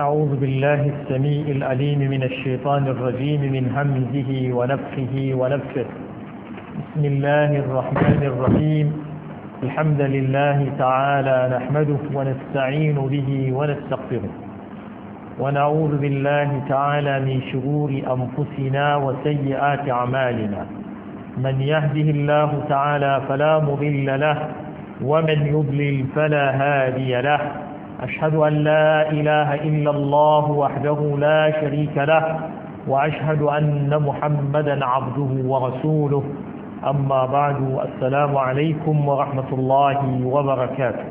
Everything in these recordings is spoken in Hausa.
أعوذ بالله السميع العليم من الشيطان الرجيم من همزه ونفخه ونفخه بسم الله الرحمن الرحيم الحمد لله تعالى نحمده ونستعين به ونستغفره ونعوذ بالله تعالى من شرور أنفسنا وسيئات أعمالنا من يهده الله تعالى فلا مضل له ومن يضلل فلا هادي له أشهد أن لا إله إلا الله وحده لا شريك له وأشهد أن محمدا عبده ورسوله أما بعد السلام عليكم ورحمة الله وبركاته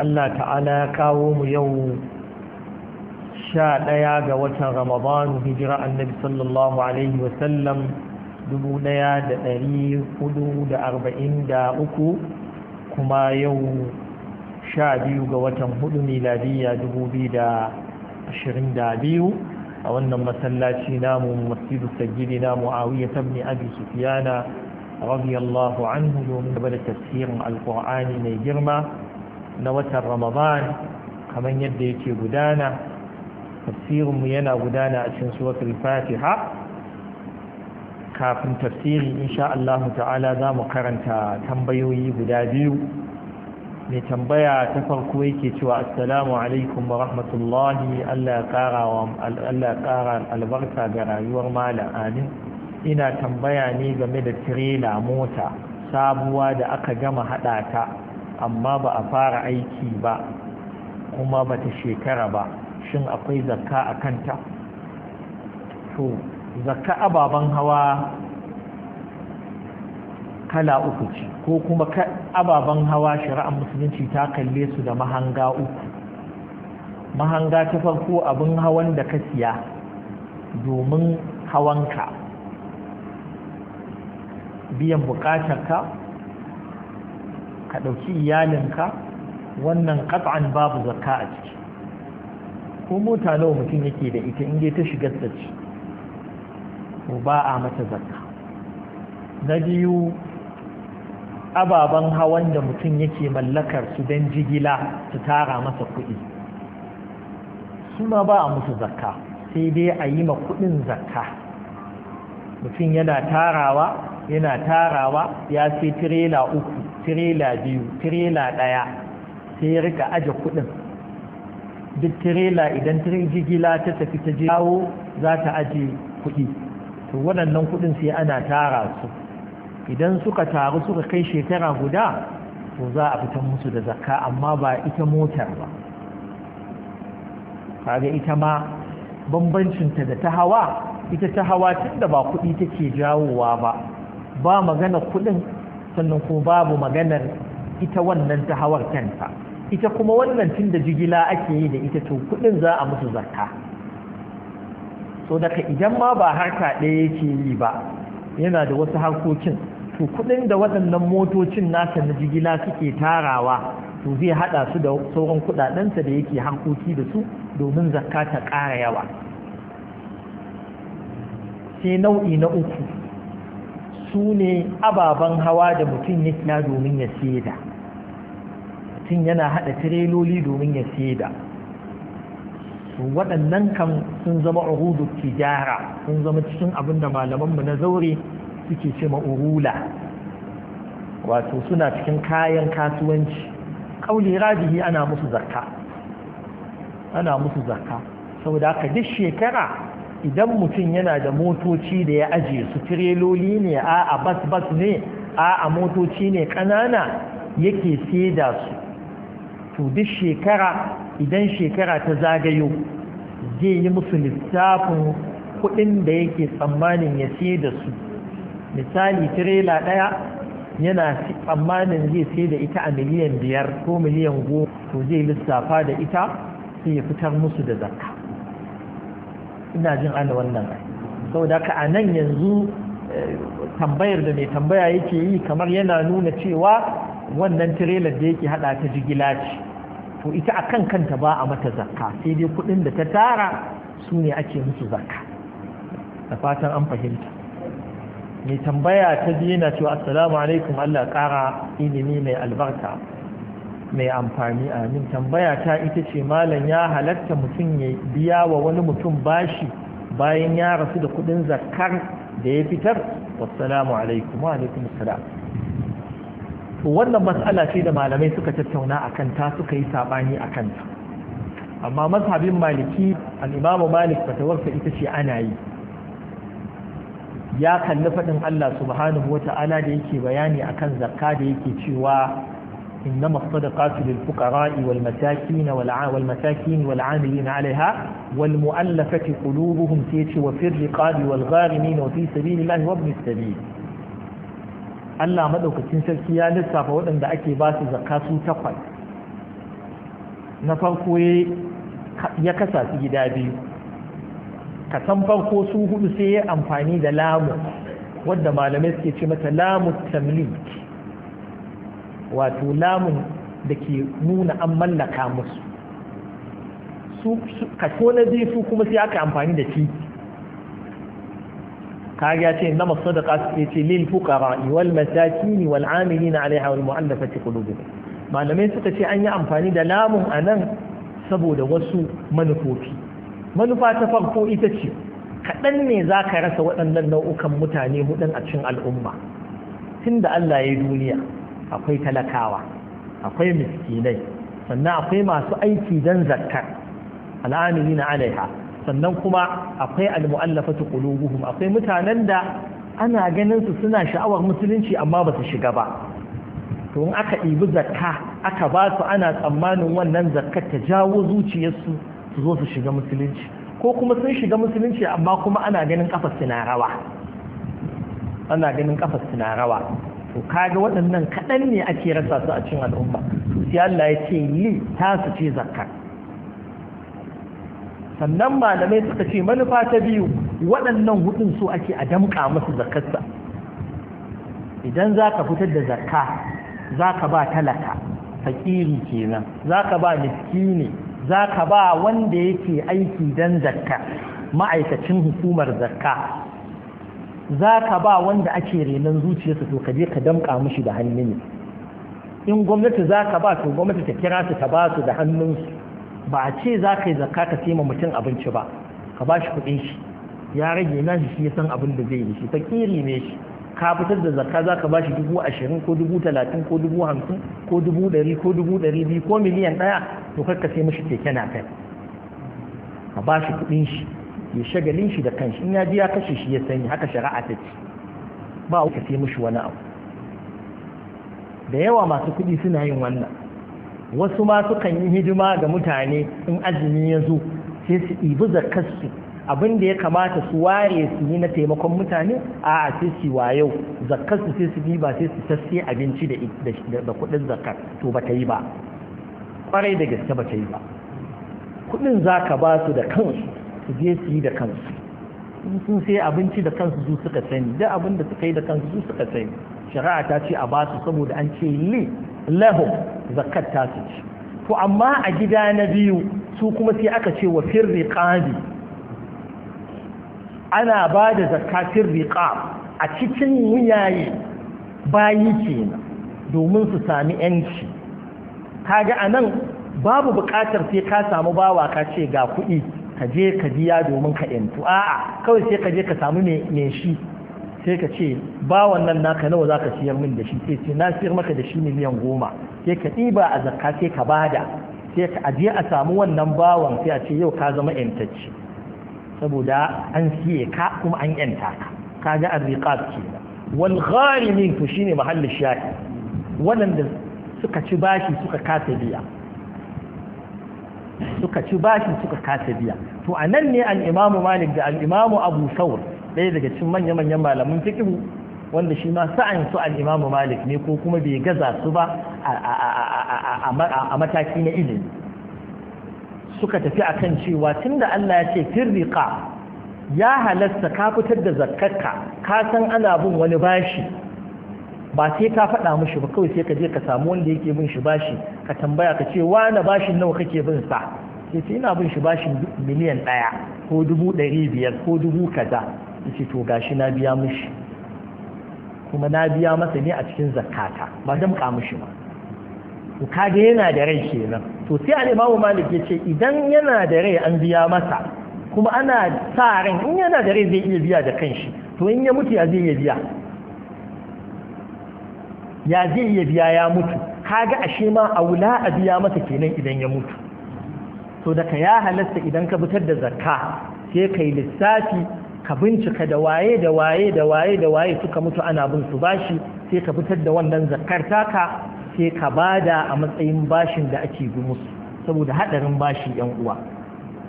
الله تعالى كاوم يوم شاء ɗaya ga رمضان هجرة النبي صلى الله عليه وسلم دبو ɗaya da ɗari أربعين دا أكو كما يوم sha biyu ga watan hudu miladiyya dubu biyu da ashirin da biyu a wannan masallaci namu masjidu sajjidi na mu'awiyya tabni abi sufiyana radiyallahu anhu domin gaba da tafsirin alƙur'ani mai girma na watan ramadan kamar yadda yake gudana tafsirinmu yana gudana a cikin suratul fatiha kafin tafsiri insha Allah ta'ala za mu karanta tambayoyi guda biyu mai tambaya ta farko yake cewa assalamu alaikum wa rahmatullahi Allah ya albarka ga rayuwar malam amin ina tambaya ne game da tirela mota sabuwa da aka gama haɗa ta amma ba a fara aiki ba kuma ba ta shekara ba shin akwai zakka a kanta to zakka ababen hawa kala uku ce ko kuma ababen hawa shari'ar musulunci ta kalle su da mahanga uku mahanga ta farko abin hawan da ka siya domin hawanka biyan buƙatar ka ɗauki iyalinka wannan kat'an babu zakka a ciki ko mota nawa mutum yake da ita in ta shigar da ci ba a mata zakka na biyu ababen hawan da mutum yake mallakar su don jigila su tara masa kuɗi Suma ba a musu zakka sai dai a yi ma kuɗin zakka mutum yana tarawa yana tarawa ya sai tirela uku tirela biyu tirela ɗaya sai ya rika aje kuɗin duk tirela idan tirin jigila ta tafi ta jawo za ta aje kuɗi to waɗannan kuɗin sai ana tara su idan suka taru suka kai shekara guda to za a fitan musu da zakka amma ba ita motar ba kaga ita ma bambancinta da ta hawa ita ta hawa tun da ba kuɗi take jawowa ba ba magana kuɗin sannan kuma babu maganar ita wannan ta hawar kanta ita kuma wannan tun da jigila ake yi da ita to kuɗin za a musu zakka so daga idan ma ba harka ɗaya yake yi ba yana da wasu harkokin to kudin da waɗannan motocin nasa na jigila suke tarawa to zai hada su da sauran kudadensa da yake hankoki da su domin zakka ta ƙara yawa sai nau'i na uku su ne ababen hawa da mutum ya siya domin ya seda mutum yana hada tireloli domin ya seda waɗannan kan sun zama urudu tijara sun zama cikin abinda malaman mu na zaure suke ce ma'urula wato suna cikin kayan kasuwanci ƙauli rajihi ana musu zarka ana musu zarka saboda haka duk shekara idan mutum yana da motoci da ya ajiye su tireloli ne a a bas bas ne a a motoci ne ƙanana yake seda su to duk shekara idan shekara ta zagayo zai yi musu littafin kuɗin da yake tsammanin ya da su misali tirela ɗaya yana tsammanin zai sai da ita a miliyan biyar ko miliyan goma to zai lissafa da ita sai ya fitar musu da zakka ina jin ana wannan saboda ka a nan yanzu eh, tambayar da mai tambaya yake yi kamar yana nuna cewa wannan tirelar da yake hada ta jigila ce to ita a kan kanta ba a mata zakka sai dai kudin da ta tara su ne ake musu zakka da fatan an fahimta mai tambaya ta biyu na cewa assalamu alaikum Allah ƙara ilimi mai albarka mai amfani amin tambaya ta ita ce malam ya halatta mutum ya biya wa wani mutum bashi bayan ya rasu da kudin zakar da ya fitar wassalamu alaikum wa alaikum assalam to wannan mas'ala ce da malamai suka tattauna a kanta suka yi sabani a kanta amma mazhabin maliki al-imamu malik fatawarsa ita ce ana yi ya kalli faɗin Allah subhanahu wa ta'ala da yake bayani akan zakka da yake cewa إنما الصدقات للفقراء والمساكين والمساكين والعاملين عليها والمؤلفة قلوبهم تيتي وفي الرقاب والغارمين وفي سبيل الله وابن السبيل Allah maɗaukacin sarki ya lissafa waɗanda ake basu su zakka su takwas na farko ya kasa su gida biyu ka san farko su hudu sai ya amfani da lamu wadda malamai suke ce mata lamu tamlik wato lamun da ke nuna an mallaka musu su kaso na biyu su kuma sai aka amfani da shi kage ya ce na masadaka su ce lil fuqara wal masakin wal na alaiha wal mu'allafati qulubuhum malamai suka ce an yi amfani da lamun anan saboda wasu manufofi manufa ta farko ita ce kaɗan ne za ka rasa waɗannan nau'ukan mutane hudun a cikin al'umma tun da Allah ya yi duniya akwai talakawa akwai miskinai sannan akwai masu aiki don zakkar al'amini na alaiha sannan kuma akwai al'mu'allafatu qulubuhum akwai mutanen da ana ganin su suna sha'awar musulunci amma ba su shiga ba to in aka ɗibi zakka aka ba su ana tsammanin wannan zakkar ta jawo zuciyarsu su zo su shiga musulunci ko kuma sun shiga musulunci amma kuma ana ganin kafa suna rawa ana ganin kafa suna to kaga waɗannan kaɗan ne ake rasa su a cikin al'umma sai Allah ya ce li ta su ce zakka sannan malamai suka ce manufa ta biyu waɗannan hudun su ake a damƙa musu zakarsa idan za ka fitar da zakka za ka ba talaka fakiri kenan za ka ba miskini za ka ba wanda yake aiki don zakka ma'aikacin hukumar zakka za ka ba wanda ake renon zuciyarsa to ka je ka damƙa mushi da hannu ne in gwamnati za ka ba to gwamnati ta kira su ta ba su da hannunsu ba a ce za ka yi zakka ka sai ma mutum abinci ba ka ba shi kuɗin shi ya rage na shi shi ya san abin da zai yi shi ta fakiri ne shi ka fitar da zakka za ka ba shi dubu ashirin ko dubu talatin ko dubu hamsin ko dubu ɗari ko dubu ɗari biyu ko miliyan ɗaya to karka sai mashi keke na kai a ba shi kuɗin shi ya shagalin shi da kanshi in ya ji ya kashe shi ya sani haka shari'a ta ce ba ka sai mashi wani abu da yawa masu kuɗi suna yin wannan wasu ma sukan yi hidima ga mutane in azumi ya zo sai su ɗibi zakkarsu abin da ya kamata su ware su yi na taimakon mutane a sai su yau zakkar su sai su bi ba sai su sassi abinci da kudin zakkar to ba ta yi ba kwarai da gaske ba ta yi ba kudin za ka ba su da kansu su je su yi da kansu sun sai abinci da kansu su suka sani da abin da suka yi da kansu su suka sani shari'a ta ce a ba su saboda an ce li lahum zakkar ta su ci to amma a gida na biyu su kuma sai aka ce wa firri qadi ana ba da zakatun riƙa a cikin wuyaye bayi kenan domin su sami yanci kaga a nan babu buƙatar sai ka samu bawa ka ce ga kuɗi ka je ka biya domin ka yantu a'a kawai sai ka je ka samu mai shi sai ka ce ba wannan naka nawa za ka siyar min da shi sai ce na siyar maka da shi miliyan goma sai ka ɗiba a zakka sai ka bada sai ka ajiye a samu wannan bawan sai a ce yau ka zama yantacce saboda an siye ka kuma an yanta ka kaga arriqat kenan wal gharimin to shine mahallin shaki waɗanda suka ci bashi suka kasa biya suka ci bashi suka kasa biya to a nan ne al'imamu malik da al'imamu abu saur daga cikin manya-manyan malamin fiƙihu wanda shi ma sa'an su al'imamu malik ne ko kuma bai gaza su ba a mataki na ilimi suka tafi a kan cewa tun da Allah ya ce firriqa ya halasta ka fitar da zakarka ka san ana bin wani bashi ba sai ka faɗa mushi ba kawai sai ka je ka samu wanda yake bin shi bashi ka tambaya ka ce na bashin nawa kake bin sa sai ce ina bin shi bashin miliyan ɗaya ko dubu ɗari biyar ko dubu kaza ce to gashi na biya mushi kuma na biya masa ne a cikin zakkaka ba damƙa mishi ba to yana da rai kenan to sai al-imamu malik yace idan yana da rai an biya masa kuma ana sa ran in yana da rai zai iya biya da kanshi to in ya mutu ya zai iya biya ya zai iya biya ya mutu kaga ashe ma aula a biya masa kenan idan ya mutu to daga ya halatta idan ka fitar da zakka sai kai lissafi ka bincika da waye da waye da waye da waye suka mutu ana bin su bashi sai ka fitar da wannan zakkar taka sai ka bada a matsayin bashin da ake bi musu saboda haɗarin bashi yan uwa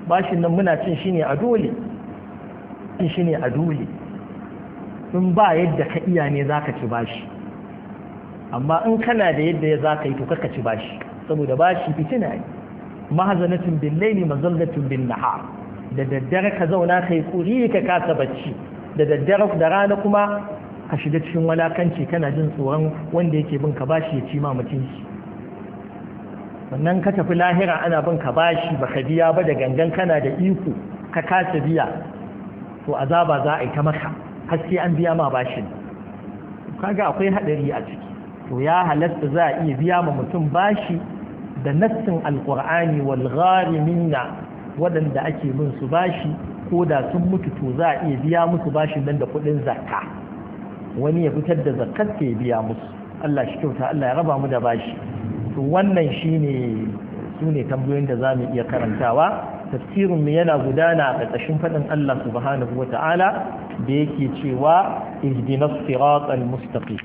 bashin nan muna cin shi ne a dole cin shi ne a dole in ba yadda ka iya ne zaka ci bashi amma in kana da yadda ya zaka yi to kaka ci bashi saboda bashi fitina ne mahazanatun bin mazallatun bin nahar da daddare ka zauna kai kuri ka kasa bacci da daddare da rana kuma a shiga cikin walakanci kana jin tsoron wanda yake bin ka bashi ya ci ma mutunci wannan ka tafi lahira ana bin ka bashi baka biya ba da gangan kana da iko ka kasa biya to azaba za a yi ta maka haske an biya ma bashin kaga akwai hadari a ciki to ya halatta za a iya biya ma mutum bashi da nassin alqur'ani wal gharimina wadanda ake bin su bashi ko da sun mutu to za a iya biya musu bashin nan da kuɗin zakka wani ya fitar da zakat ya biya musu Allah shi kyauta Allah ya raba mu da bashi to wannan shine su ne tambayoyin da za mu iya karantawa tafsirin mu yana gudana a ƙarƙashin faɗin Allah subhanahu wa ta'ala da yake cewa ihdinas siratal mustaqim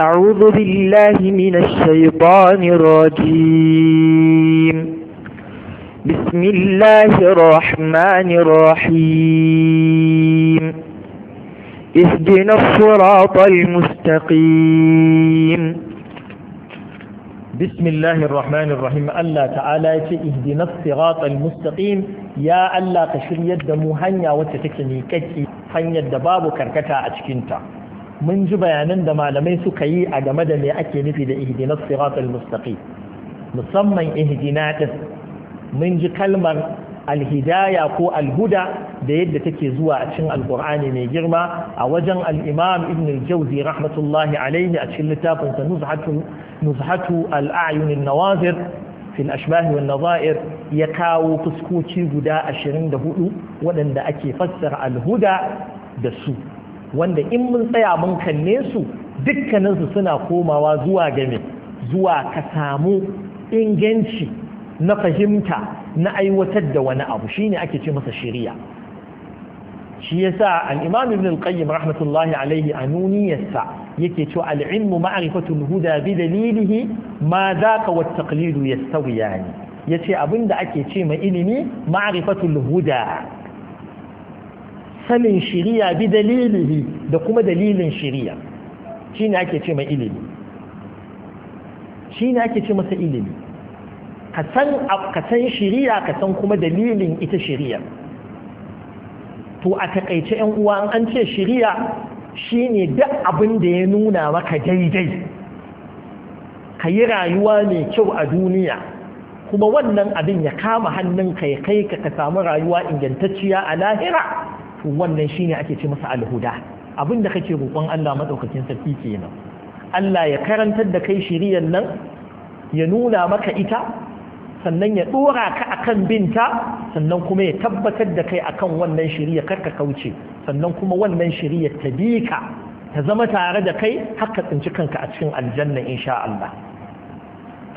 أعوذ بالله من الشيطان الرجيم بسم الله الرحمن الرحيم اهدنا الصراط المستقيم بسم الله الرحمن الرحيم الله تعالى اهدنا الصراط المستقيم يا الله mu يد مهنيا وتتكني كتي hanyar da babu karkata a cikinta mun ji bayanan da malamai suka yi a game da me ake nufi da ihdinas siratal mustaqim musamman ihdina mun ji kalmar alhidaya ko alhuda da yadda take zuwa a cikin alkur'ani mai girma a wajen al'imam ibn al rahmatullahi alayhi a cikin littafinsa sa nuzhatu nuzhatu al-a'yun an-nawazir fi al ya kawo kuskuci guda ashirin da 24 waɗanda ake fassara alhuda da su wanda in mun tsaya mun kalle su dukkanin suna komawa zuwa game zuwa ka samu inganci na fahimta na aiwatar da wani abu shine ake ce masa shari'a shi yasa sa imam ibn al-qayyim rahmatullahi alayhi anuniyarsa yake cewa al-ilmu ma'rifatu huda bi dalilihi ma ya sauya at-taqlid yastawiyani yace abinda ake ce ma ilimi ma'rifatu huda sanin shari'a bi dalilihi da kuma dalilin shari'a shine ake ce ma masa ilimi ka san kasan shiriya ka san kuma dalilin ita shiriya to a takaice yan uwa an ce shiriya shine duk abin da ya nuna maka daidai ka yi rayuwa mai kyau a duniya kuma wannan abin ya kama ka ya kai ka ka samu rayuwa ingantacciya a lahira to wannan shine ake ce masa alhuda abin da kake roƙon Allah matsaukakin sarki kenan Allah ya karantar da kai shiriyar nan ya nuna maka ita sannan ya dora ka akan binta sannan kuma ya tabbatar da kai akan wannan shari'a karka kauce sannan kuma wannan shari'a ta bi ka ta zama tare da kai haka tsinci kanka a cikin aljanna insha Allah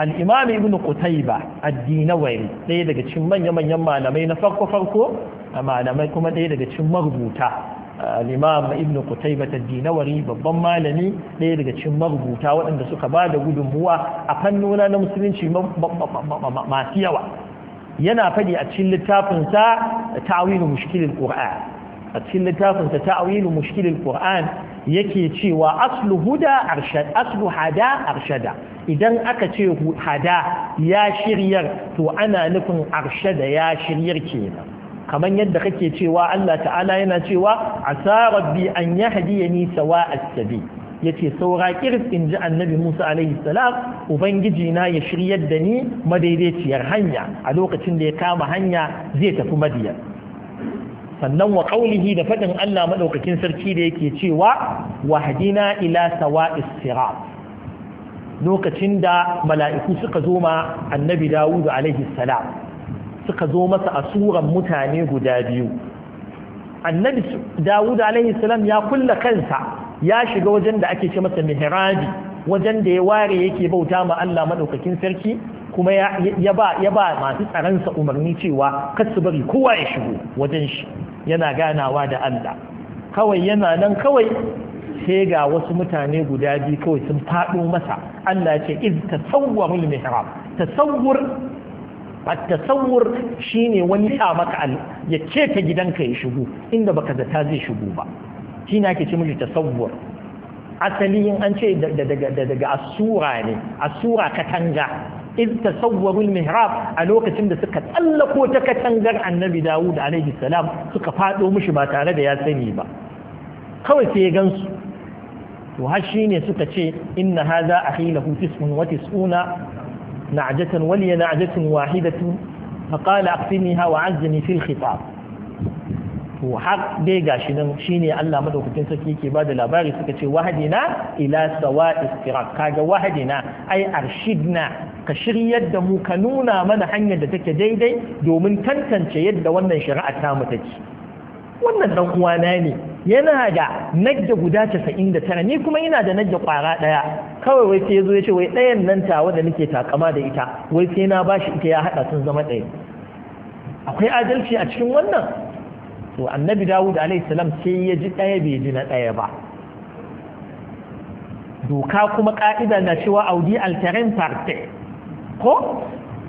al-imam ibn qutayba ad dinawi ɗaya daga cikin manya-manyan malamai na farko farko malamai kuma ɗaya daga cikin marubuta al'imam ibn kutaiba ad-Dinawari babban malami ɗaya daga cikin marubuta waɗanda suka ba da gudunmuwa a fannona na musulunci masu yawa yana faɗi a cikin littafinsa ta'awilu mushkilin qur'an a cikin littafinsa ta'awilu mushkilin qur'an yake cewa aslu huda aslu hada arshada idan aka ce hada ya shiryar to ana nufin arshada ya shiryar kenan kamar yadda kake cewa Allah ta'ala yana cewa asa rabbi an yahdiyani sawa'as sabi yace saura kiris in ji annabi Musa alaihi salam ubangiji na ya shiryar da ni madaidaiciyar hanya a lokacin da ya kama hanya zai tafi madiya sannan wa qaulihi da fadin Allah madaukakin sarki da yake cewa wahdina ila sawa'is sirat lokacin da mala'iku suka zo ma annabi Dawud alaihi salam suka zo masa a mutane guda biyu annabi dawud alaihi ya kulla kansa ya shiga wajen da ake ce masa mihrabi wajen da ya ware yake bauta ma Allah madaukakin sarki kuma ya ba ya ba masu tsaransa umarni cewa kar su bari kowa ya shigo wajen shi yana ganawa da Allah kawai yana nan kawai sai ga wasu mutane guda biyu kawai sun faɗo masa Allah ce iz tasawwarul mihrab tasawwur at shi shine wani ya maka ya ce ta gidanka ya shigo inda baka zata zai shigo ba na ke ci mishi tasawwur asali in an ce daga asura ne asura katanga iz tasawwaru mihrab a lokacin da suka tsallako ta katangar annabi Dawud alaihi salam suka fado mishi ba tare da ya sani ba kawai sai ya gansu to har shine suka ce inna hadha akhi lahu tis'un wa tis'una نعجة ولي نعجة واحدة فقال أقسمها وعزني في har وحق دي gashi nan shine Allah madaukakin sarki ke ba da labari suka ce wahadina ila sawa'is sirat kaga na ai na ka shiryar da mu ka nuna mana hanyar da take daidai domin tantance yadda wannan shari'a ta mu take wannan dan uwana ne yana da najja guda da tara. ni kuma ina da najja kwara ɗaya. kawai wai sai yazo ya ce wai ɗayan nan tawa da nake takama da ita wai sai na bashi ita ya haɗa sun zama ɗaya. akwai adalci a cikin wannan to annabi dawud alaihi salam sai ya ji ɗaya bai ji na ɗaya ba doka kuma ƙa'ida na cewa audi alterin parte ko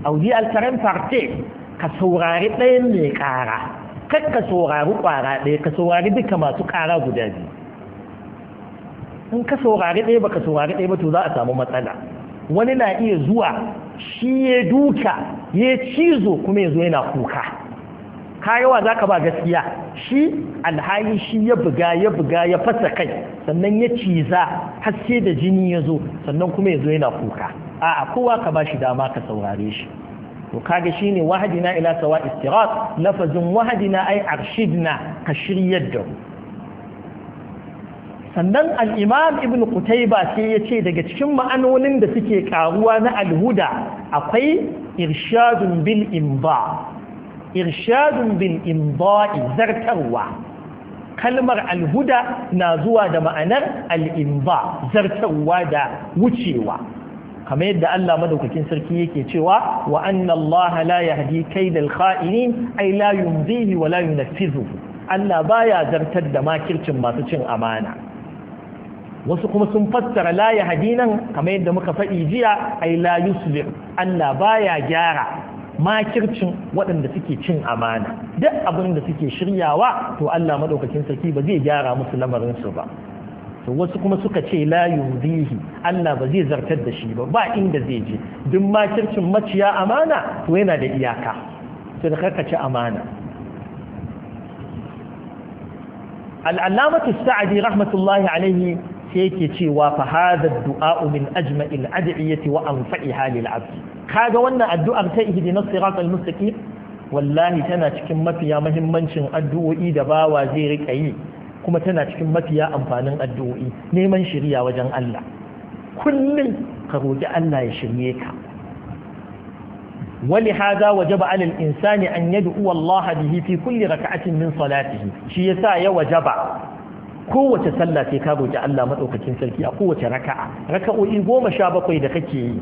audi alterin parte ka saurari ɗayan mai ƙara kar ka saurari ƙwara ɗaya ka saurari duka masu ƙara guda biyu in ka saurari ɗaya ba ka saurari ɗaya ba to za a samu matsala wani na iya zuwa shi ya duka ya cizo kuma ya zo yana kuka kayawa za ka ba gaskiya shi alhali shi ya buga ya buga ya fasa kai sannan ya ciza haske da jini ya zo sannan kuma ya zo yana kuka a'a kowa ka ba shi dama ka saurare shi to kaga shine wahadina ila sawa istirat lafazin wahadina ai arshidna ka shiryar da sannan imam ibn Qutayba sai ya ce daga cikin ma'anonin da suke karuwa na alhuda akwai irshadun bil imba irshadun bil imba'i zartarwa kalmar alhuda na zuwa da ma'anar al'imba zartarwa da wucewa kamar yadda Allah madaukakin sarki yake cewa wa anna Allah la yahdi kaydal kha'inin ay la yumdihi wa la yunfizuhu Allah baya zartar da makircin masu cin amana wasu kuma sun fassara la yahdi nan kamar yadda muka faɗi jiya ay la yuslih Allah baya gyara makircin waɗanda suke cin amana duk abin da suke shiryawa to Allah madaukakin sarki ba zai gyara musu lamarin su ba wasu kuma suka ce la yudihi Allah ba zai zartar da shi ba ba inda zai je duk makircin maciya amana to yana da iyaka to da karka ci amana al'allamatu sa'adi rahmatullahi alaihi sai yake cewa fa hadha du'a'u min ajma'il ad'iyati wa hali lil 'abd kaga wannan addu'ar ta ihdina siratal mustaqim wallahi tana cikin mafiya muhimmancin addu'o'i da bawa zai rika yi kuma tana cikin mafiya amfanin addu'o'i neman shirya wajen Allah kullum ka roƙi Allah ya shirye ka wali hada wajaba alil insani an yad'u Allah bihi fi kulli rak'atin min salatihi shi yasa ya wajaba kowace sallah sai ka roƙi Allah madaukakin sarki a kowace raka'a raka'o'i 17 da kake yi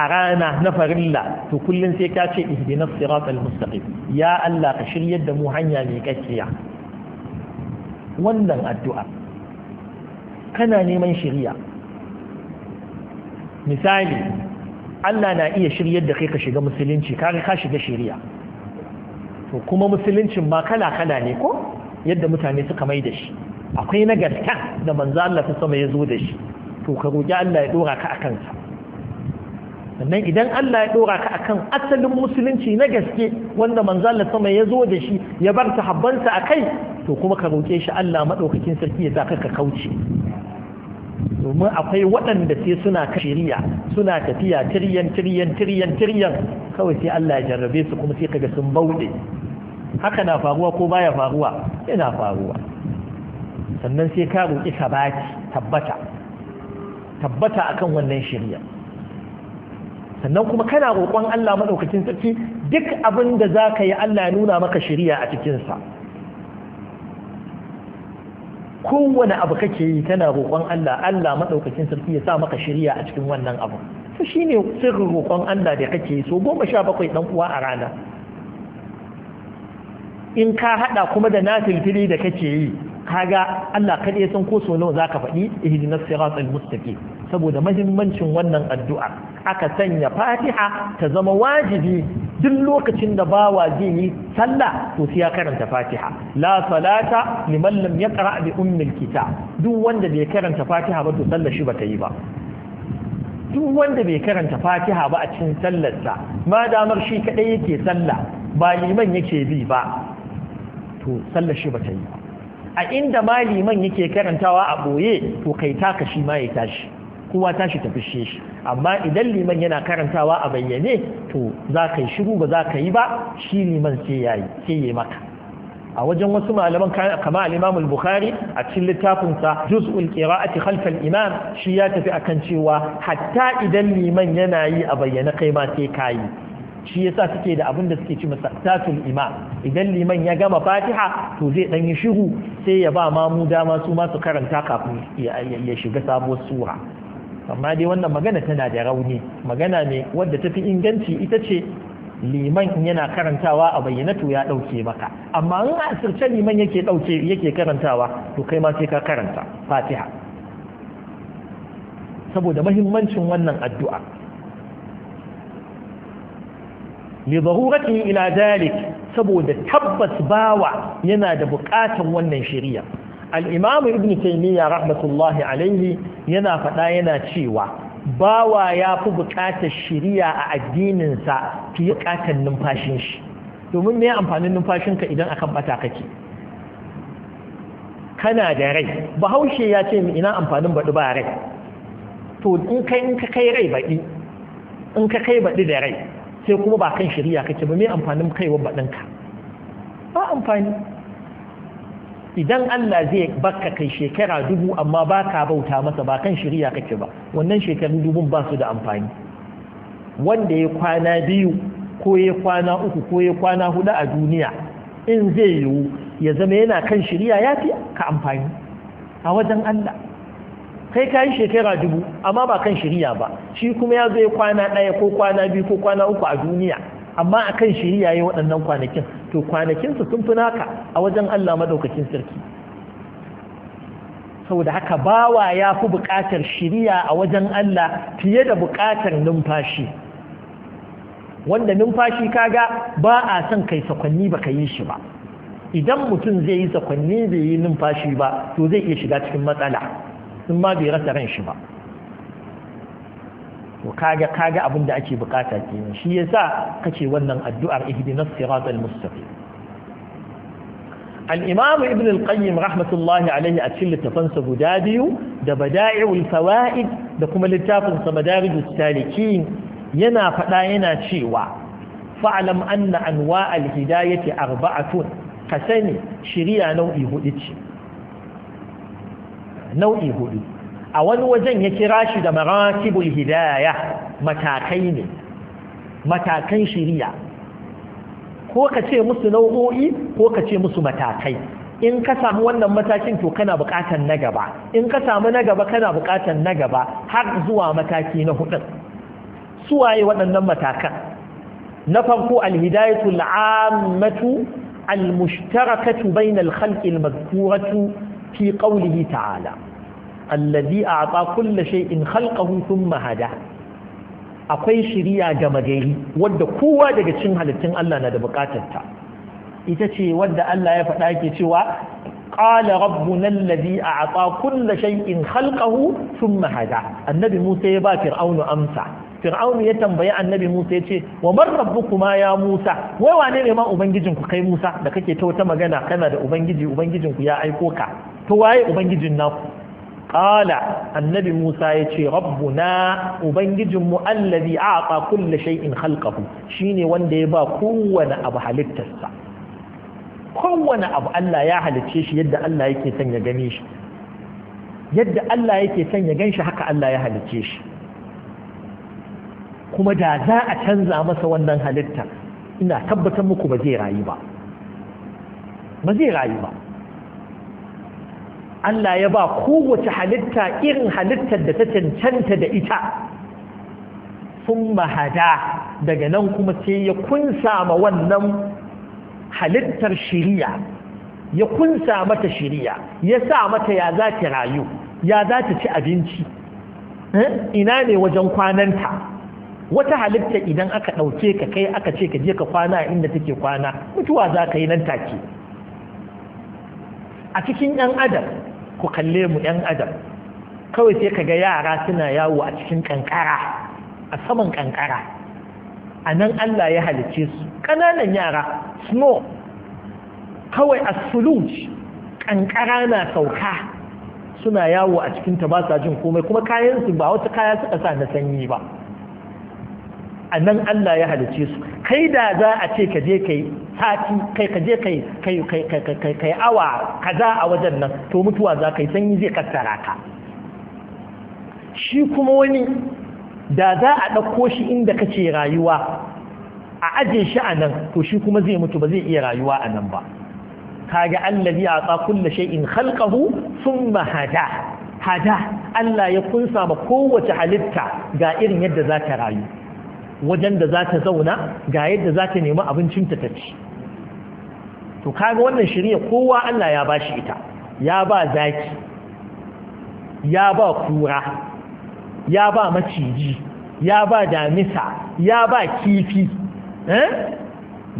a rana na farilla to kullum sai ka ce ihdinas siratal mustaqim ya Allah ka shiryar da mu hanya mai kakkiya wannan addu'a kana neman shirya misali Allah na iya shiryar da kai ka shiga musulunci kare ka shiga shirya to kuma musuluncin ma kala-kala ne ko yadda mutane suka mai da shi akwai nagarta da manzo Allah ta sama ya zo da shi to ka roƙi Allah ya dora ka a kansa sannan idan Allah ya ɗora ka akan asalin musulunci na gaske wanda manzala sama ya zo da shi ya bar sahabbansa a kai to kuma ka roƙe shi Allah maɗaukakin sarki ya sa ka kauce domin akwai waɗanda sai suna kashiriya suna tafiya tiriyan tiriyan tiriyan tiriyan kawai sai Allah ya jarrabe su kuma sai kaga sun bauɗe haka na faruwa ko baya faruwa yana faruwa sannan sai ka roƙi baki tabbata tabbata akan wannan shirya sannan kuma kana roƙon Allah maɗaukakin sarki duk abin da za ka yi Allah ya nuna maka shari'a a cikinsa kowane abu kake yi kana roƙon Allah Allah maɗaukakin sarki ya sa maka shiriya a cikin wannan abu to shine sirrin roƙon Allah da kake yi so goma sha bakwai ɗan uwa a rana in ka haɗa kuma da na filfili da kake yi kaga Allah kaɗai san ko so nawa zaka faɗi ihdinas siratal mustaqim saboda mahimmancin wannan addu'a aka sanya fatiha ta zama wajibi duk lokacin da bawa zai yi sallah to sai ya karanta fatiha la salata liman lam yaqra bi ummil kitab duk wanda bai karanta fatiha ba to sallar shi bata yi ba duk wanda bai karanta fatiha ba a cikin sallarsa ma damar shi kadai yake sallah ba liman yake bi ba to sallar shi bata yi ba a inda ma liman yake karantawa a boye to kai taka shi ma ya tashi kowa tashi ta tafi shi amma idan liman yana karantawa a bayyane to za ka yi shiru ba za ka yi ba shi liman sai ya yi sai ya maka a wajen wasu malaman kama al'imamul bukhari a cikin littafinsa, sa Juz'ul Qira'ati khalf al-Imam shi ya tafi akan cewa hatta idan liman yana yi a bayyane kai ma sai ka yi, shi yasa suke da abin da suke ci masattatul imam idan liman ya gama fatiha to zai dan yi shiru sai ya ba mamu dama su ma su karanta kafin ya shiga sabuwar sura amma dai wannan magana tana da rauni magana ne wadda ta fi inganci ita ce liman in yana karantawa a bayyana to ya ɗauke maka amma in a sirce liman yake ɗauke yake karantawa to kai ma sai ka karanta fatiha saboda mahimmancin wannan addu'a li zarurati ila dalik saboda tabbas bawa yana da buƙatar wannan shari'a al'imamu ibn taimiyya rahmatullahi alaihi yana faɗa yana cewa bawa ya fi buƙatar shiriya a addininsa fiye buƙatar numfashin shi domin me amfanin numfashinka idan akan bata kake kana da rai bahaushe ya ce ina amfanin baɗi ba rai to in kai in ka kai rai baɗi in ka kai baɗi da rai sai kuma ba kan shiriya kake ba me amfanin kaiwa baɗinka ba amfani idan Allah zai baka kai shekara dubu amma ba ka bauta masa ba kan shirya kake ba wannan shekaru dubun ba su da amfani wanda ya kwana biyu ko ya kwana uku ko ya kwana hudu a duniya in zai yiwu ya zama yana kan shirya ya fi ka amfani a wajen Allah kai ka yi shekara dubu amma ba kan shirya ba shi kuma ya zo ya kwana ɗaya ko kwana biyu ko kwana uku a duniya amma a kan shi yayi waɗannan kwanakin to kwanakinsu sun fi naka a wajen Allah maɗaukakin sarki saboda haka bawa ya fi buƙatar shirya a wajen Allah fiye da buƙatar numfashi wanda numfashi kaga ba a son kai sakwanni ba ka yi shi ba idan mutum zai yi sakwanni bai yi numfashi ba to zai iya shiga cikin matsala in ma bai rasa ran shi ba ka kaga kaga abin da ake bukata kenan shi yasa kace wannan addu'ar ihdinas siratal mustaqim al-imam ibn al-qayyim rahmatullahi alayhi a cikin littafansa guda biyu da bada'iul fawaid da kuma littafin sa madarijus salikin yana fada yana cewa fa'lam anna anwa' al-hidayati arba'atun ka sani shari'a nau'i hudu ce nau'i hudu a wani wajen ya kira shi da maratibul hidaya matakai ne matakan shiriya ko ka ce musu nau'o'i ko ka ce musu matakai in ka samu wannan matakin to kana buƙatar na gaba in ka samu na gaba kana buƙatar na gaba har zuwa mataki na Su suwaye waɗannan matakan na farko alhidayatul ammatu almushtarakatu bainal khalqi almadhkuratu fi qawlihi ta'ala allazi a'ta kullu shay'in khalqahu thumma hada akwai shiriya ga magari wadda kowa daga cin halittun Allah na da bukatarta ta ita ce wadda Allah ya faɗa ke cewa ƙala rabbuna allazi in kullu shay'in khalqahu thumma hada annabi Musa ya ba fir'aunu amsa fir'aunu ya tambayi annabi Musa ya ce wa man rabbukuma ya Musa wai wane ne ma ubangijinku kai Musa da kake ta wata magana kana da ubangiji ubangijinku ya aiko ka to waye ubangijin naku qala annabi Musa ya ce rabbuna ubangijinmu allazi a'ta kulli shay'in khalqahu shine wanda ya ba kowane abu halittarsa kowane abu Allah ya halicce shi yadda Allah yake son ya gane shi yadda Allah yake son ya ganshi haka Allah ya halicce shi kuma da za a canza masa wannan halitta ina tabbatar muku ba zai rayu ba ba zai rayu ba Allah ya ba kowace halitta irin halittar da ta cancanta da ita sun mahada daga nan kuma sai ya kunsa ma wannan halittar shiriya ya kunsa mata shiriya ya sa mata ya za ta rayu ya za ta ci abinci eh? ina ne wajen kwananta wata halitta idan aka ɗauke ka kai aka ce ka je ka kwana inda take kwana mutuwa za ka yi nan take a cikin ɗan adam ku kalle mu yan adam kawai sai ka ga yara suna yawo a cikin kankara a saman kankara a nan Allah ya halice su ƙananan yara snow kawai a sulut kankara na sauka suna yawo a cikin ta ba sa jin komai kuma kayansu ba wata kaya suka sa na sanyi ba a nan Allah ya halice su kai da za a ce ka je ka yi. sati kai kaje je kai kai kai kai kai awa kaza a wajen nan to mutuwa za ka sanyi zai kassara ka shi kuma wani da za a ɗauko shi inda kace rayuwa a aje shi a nan to shi kuma zai mutu ba zai iya rayuwa a nan ba kaga allazi a tsa kulle shay'in khalqahu thumma hada hada Allah ya kunsa ma kowace halitta ga irin yadda za ta rayu wajen da za ta zauna ga yadda za ta nemi abincin ta ci to kaga wannan shirya kowa Allah ya bashi ita ya ba zaki ya ba kura ya ba maciji ya ba damisa ya ba kifi eh?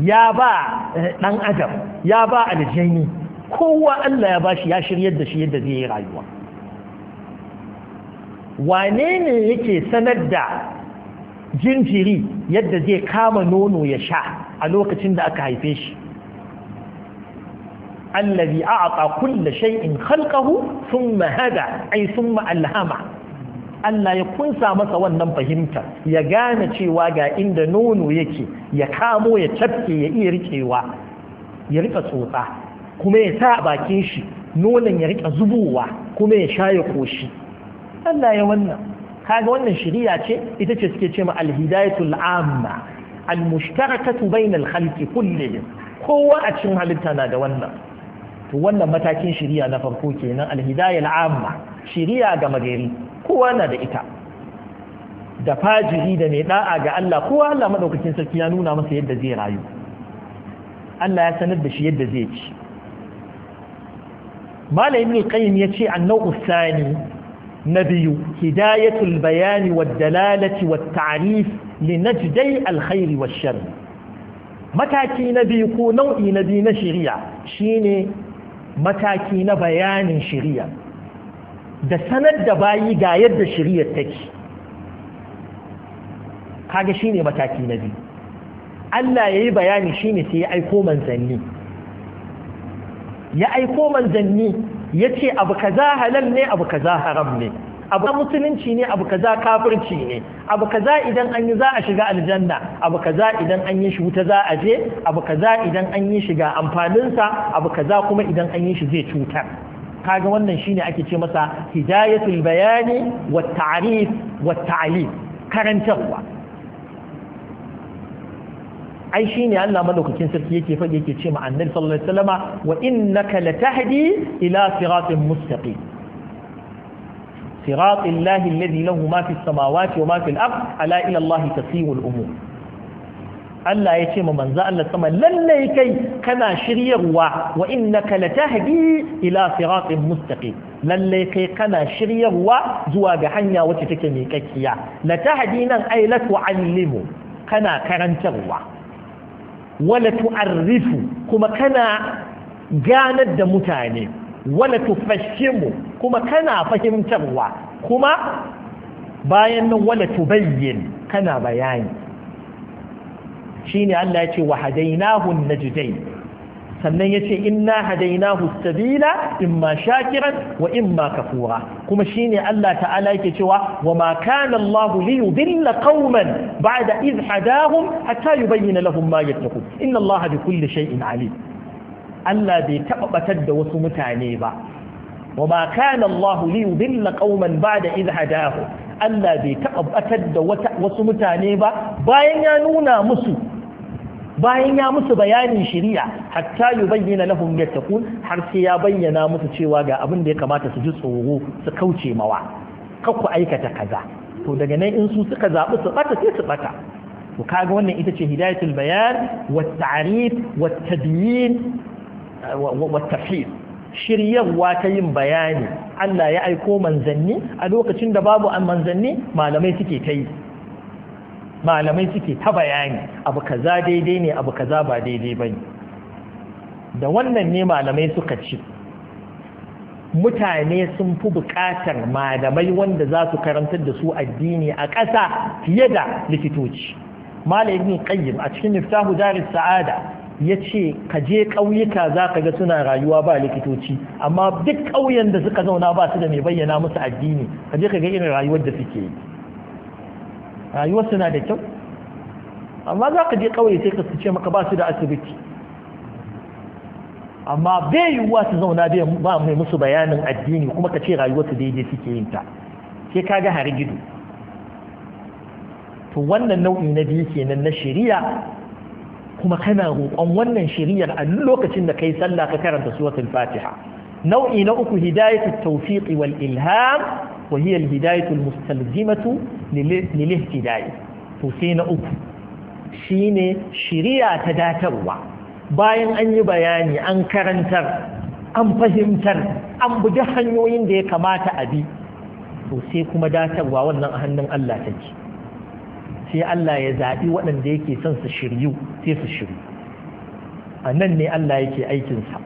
ya ba eh, ɗan adam ya ba aljani kowa Allah ya bashi ya shiryar da shi yadda zai yi rayuwa wane ne yake sanar da jinjiri yadda zai kama nono ya sha a lokacin da aka haife shi allazi a'ata kulli shay'in khalqahu thumma hada ay thumma alhama Allah ya kunsa masa wannan fahimta ya gane cewa ga inda nono yake ya kamo ya tafke ya iya rikewa ya rika tsotsa kuma ya sa bakin shi nonon ya rika zubowa kuma ya sha ya koshi Allah ya wannan kaga wannan shari'a ce ita ce suke ce ma alhidayatul amma almushtarakatu bainal khalqi kullihim kowa a cikin halitta na da wannan to wannan matakin shari'a na farko kenan alhidayatul amma shari'a ga magari kowa na da ita da fajiri da mai da'a ga Allah kowa Allah madaukakin sarki ya nuna masa yadda zai rayu Allah ya sanar da shi yadda zai ci malamin qayyim yace nau'u usani نبي هداية البيان والدلالة Mataki na biyu ko nau'i na biyu na نبي shine mataki na bayanin شريع da sanar da bayi ga yadda shiriyar take kaga shine mataki na biyu Allah ya yi bayani shine sai ya aiko manzanni ya aiko manzanni ya ce abu za halal ne abu za haram ne abu ka musulunci ne abu za kafirci ne abu za idan an yi za a shiga aljanna abu za idan an yi shi wuta za a je abu za idan an yi shiga amfaninsa abu za kuma idan an yi shi zai cutar kaga wannan shine ake ce masa hidayatul bayani wa ta'rif wa karantarwa ai shine Allah madaukakin sarki yake faɗi yake ce ma annabi sallallahu alaihi wasallama wa innaka latahdi ila siratin mustaqim صراط الله الذي له ما في السماوات وما في الأرض ألا إلى الله تسير Allah ya ce ma manzo Allah sama lallai kai kana shiryarwa wa innaka latahdi ila siratin mustaqim lallai kai kana shiryarwa zuwa ga hanya wacce take mai latahdi nan ai latu allimu kana karantarwa wala tu'arrifu kuma kana ganar da mutane wala tufashimu kuma kana fahimtarwa kuma bayan nan wala tubayyin kana bayani shine Allah ya ce wa hadainahu najdain sannan ya ce inna hadainahu sabila imma shakiran wa imma kafura kuma shine Allah ta'ala yake cewa wa ma kana Allah li yudilla qauman ba'da id hadahum hatta yubayyana lahum ma yattaqun inna Allah bi kulli shay'in alim Allah bai taba batar da wasu mutane ba wa ma kana Allah li yudilla qauman ba'da id hadahum Allah bai taba batar da wasu mutane ba bayan ya nuna musu bayan ya musu bayanin shari'a hatta yubayyana lahum yattaqun har sai ya bayyana musu cewa ga abin da ya kamata su ji tsoro su kauce mawa kakku aikata kaza to daga nan in su suka zaɓi su bata sai su bata to kaga wannan ita ce hidayatul bayan wa ta'rif wa tadyin wa tafhim shiryarwa ta yin bayani Allah ya aiko manzanni a lokacin da babu manzanni malamai suke ta yi malamai suke ta bayani abu kaza daidai ne abu kaza ba daidai ba da wannan ne malamai suka ci mutane sun fi buƙatar malamai wanda za su karantar da su addini a ƙasa fiye da likitoci malam ibn qayyim a cikin miftahu daris sa'ada yace ka je ƙauyuka za ka ga suna rayuwa ba likitoci amma duk ƙauyen da suka zauna ba su da mai bayyana musu addini ka je ka ga irin rayuwar da suke yi rayuwarsu na da kyau amma za ka je kawai sai ka ce maka ba su da asibiti amma bai yiwuwa su zauna ba mai musu bayanin addini kuma ka ce rayuwarsu daidai suke yin ta sai ka ga gido to wannan nau'i na biyu kenan na shari'a kuma kana roƙon wannan shari'ar a lokacin da kai sallah ka karanta suratul fatiha nau'i na uku hidayatul tawfiq wal ilham وهي الهداية المستلزمة للاهتداء فسين أكو شين شريعة ذات تداتروا باين أن يبياني أن كرنتر أن فهمتر أن بجحن يوين دي كمات أبي فسيكم ذات داتروا وأن أهنن ألا تجي sai Allah ya zaɓi waɗanda yake son su shiryu sai su shiryu a nan ne Allah yake aikinsa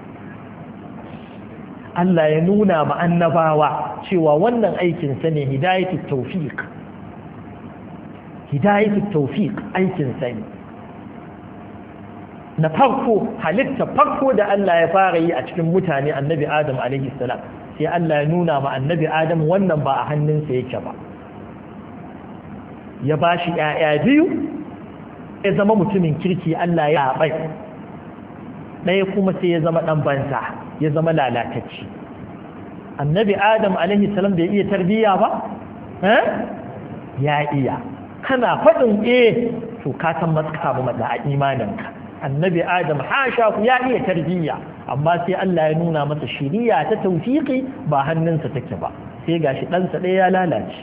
Allah ya nuna ma annabawa cewa wannan aikin sa ne hidayatul tawfiq hidayatul tawfiq aikin ne na farko halitta farko da Allah ya fara yi a cikin mutane annabi Adam alaihi salam sai Allah ya nuna ma annabi Adam wannan ba a hannunsa yake ba ya ba shi ‘ya'ya biyu ya zama mutumin kirki Allah ya bai ɗaya kuma sai ya zama ɗan banza ya zama lalatacci annabi adam alaihi salam bai iya tarbiyya ba eh? ya iya kana faɗin eh to ka san matsaka ba da imaninka annabi adam hasha ku ya iya tarbiyya amma sai Allah ya nuna masa shiriya ta tawfiqi ba hannunsa take ba sai gashi ɗansa ɗaya ya lalace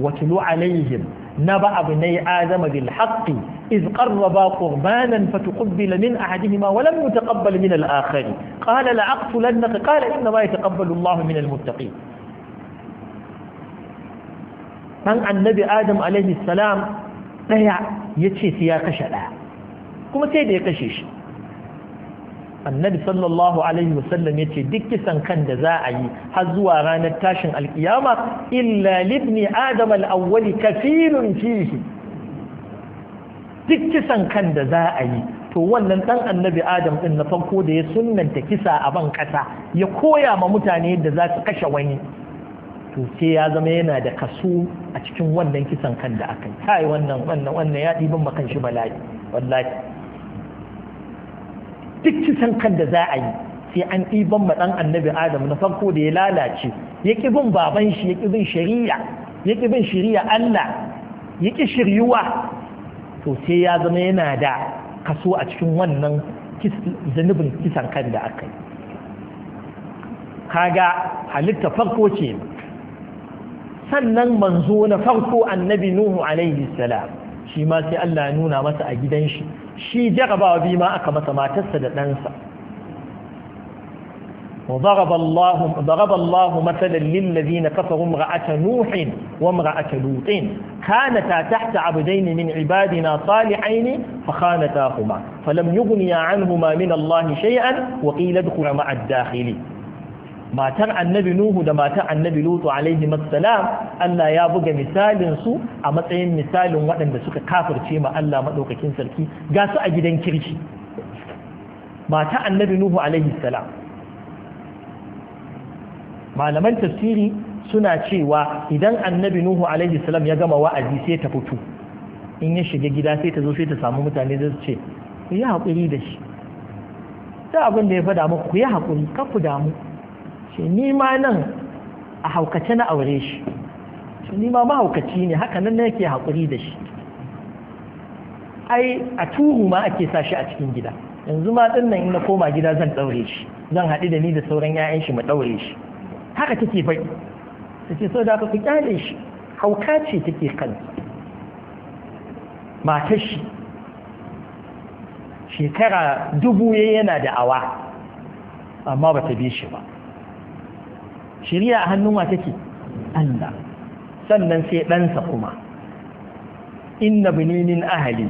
watulu alaihim na ba abu na yi azama bil haƙƙi iz ƙarraba ƙurbanan fa min ahadihi ma walam yutaqabbal min al akhar qala la aqtulannaka qala inna ma yataqabbalu Allah min al muttaqin dan annabi adam alaihi salam daya yace sai ya kashe daya kuma sai da ya kashe shi annabi sallallahu alaihi wasallam yace duk kisan kan da za a yi har zuwa ranar tashin alkiyama illa libni adam al kafirun fihi duk kisan kan da za a yi to wannan dan annabi adam din na farko da ya sunnanta kisa a ban kasa ya koya ma mutane yadda za su kashe wani to ke ya zama yana da kaso a cikin wannan kisan kan da aka yi kai wannan wannan wannan ya diban makan shi bala'i wallahi duk kisan kan da za a yi sai an ɗiban ma ɗan annabi adam na farko da ya lalace ya ki bin baban shi ya ki bin shari'a ya ki bin shari'a Allah ya ki shiryuwa to sai ya zama yana da kaso a cikin wannan zanubin kisan kan da aka yi kaga halitta farko ce sannan manzo na farko annabi nuhu alaihi salam shi ma sai Allah ya nuna masa a gidan shi shi jarabawa ma aka masa matarsa da ɗansa وضرب الله ضرب الله مثلا للذين كفروا امرأة نوح وامرأة لوط كانتا تحت عبدين من عبادنا صالحين فخانتاهما فلم يغنيا عنهما من الله شيئا وقيل ادخلا مع الداخلين matar annabi nuhu da matar annabi lutu alaihi salam Allah ya buga misalin su a matsayin misalin waɗanda suka kafirce ma Allah madaukakin sarki ga su a gidan kirki matar annabi nuhu alaihi salam malaman tafsiri suna cewa idan annabi nuhu alaihi salam ya gama wa'azi sai ta fito in ya shiga gida sai ta zo sai ta samu mutane su ce ku yi haƙuri da shi ta abin da ya fada muku ku yi hakuri kar ku damu ce ni ma nan a haukace na aure shi ce ni ma mahaukaci ne haka nan yake haƙuri da shi ai a tuhu ma ake sa shi a cikin gida yanzu ma ɗin nan in na koma gida zan ɗaure shi zan haɗu da ni da sauran 'ya'yan shi mu ɗaure shi haka take faɗi ta ce da aka ku kyale shi hauka ce take kan matar shi shekara dubu yana da awa amma ba ta bi shi ba shari'a a hannun take Allah sannan sai ɗansa kuma inna bini min ahli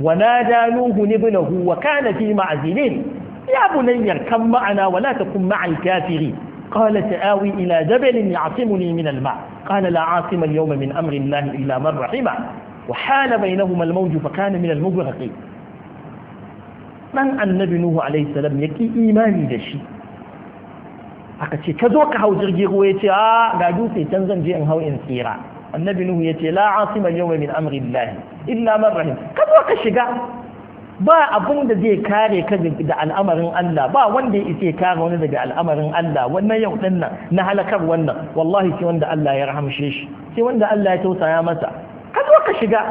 wa nada nuhu ibnahu wa kana fi ma'zilin ya bunayya kan ma'ana wa la takun ma'al kafiri qala ta'awi ila jabalin ya'simuni min al-ma' qala la 'asima al-yawma min amri Allah illa man rahima wa hala bainahuma al-mawj fa kana min al-mughraqin dan annabi nuhu alayhi salam yaki imani da shi aka ce ka zo ka hau jirgin ruwa ya ce a ga dutse can zan je in hau in tsira annabi nuhu ya ce la asima yawma min amri llahi illa man rahim ka zo ka shiga ba abin da zai kare ka da al'amarin Allah ba wanda ya kare wani daga al'amarin Allah wannan yau din nan na halakar wannan wallahi sai wanda Allah ya rahamshe shi sai wanda Allah ya tausaya masa ka zo ka shiga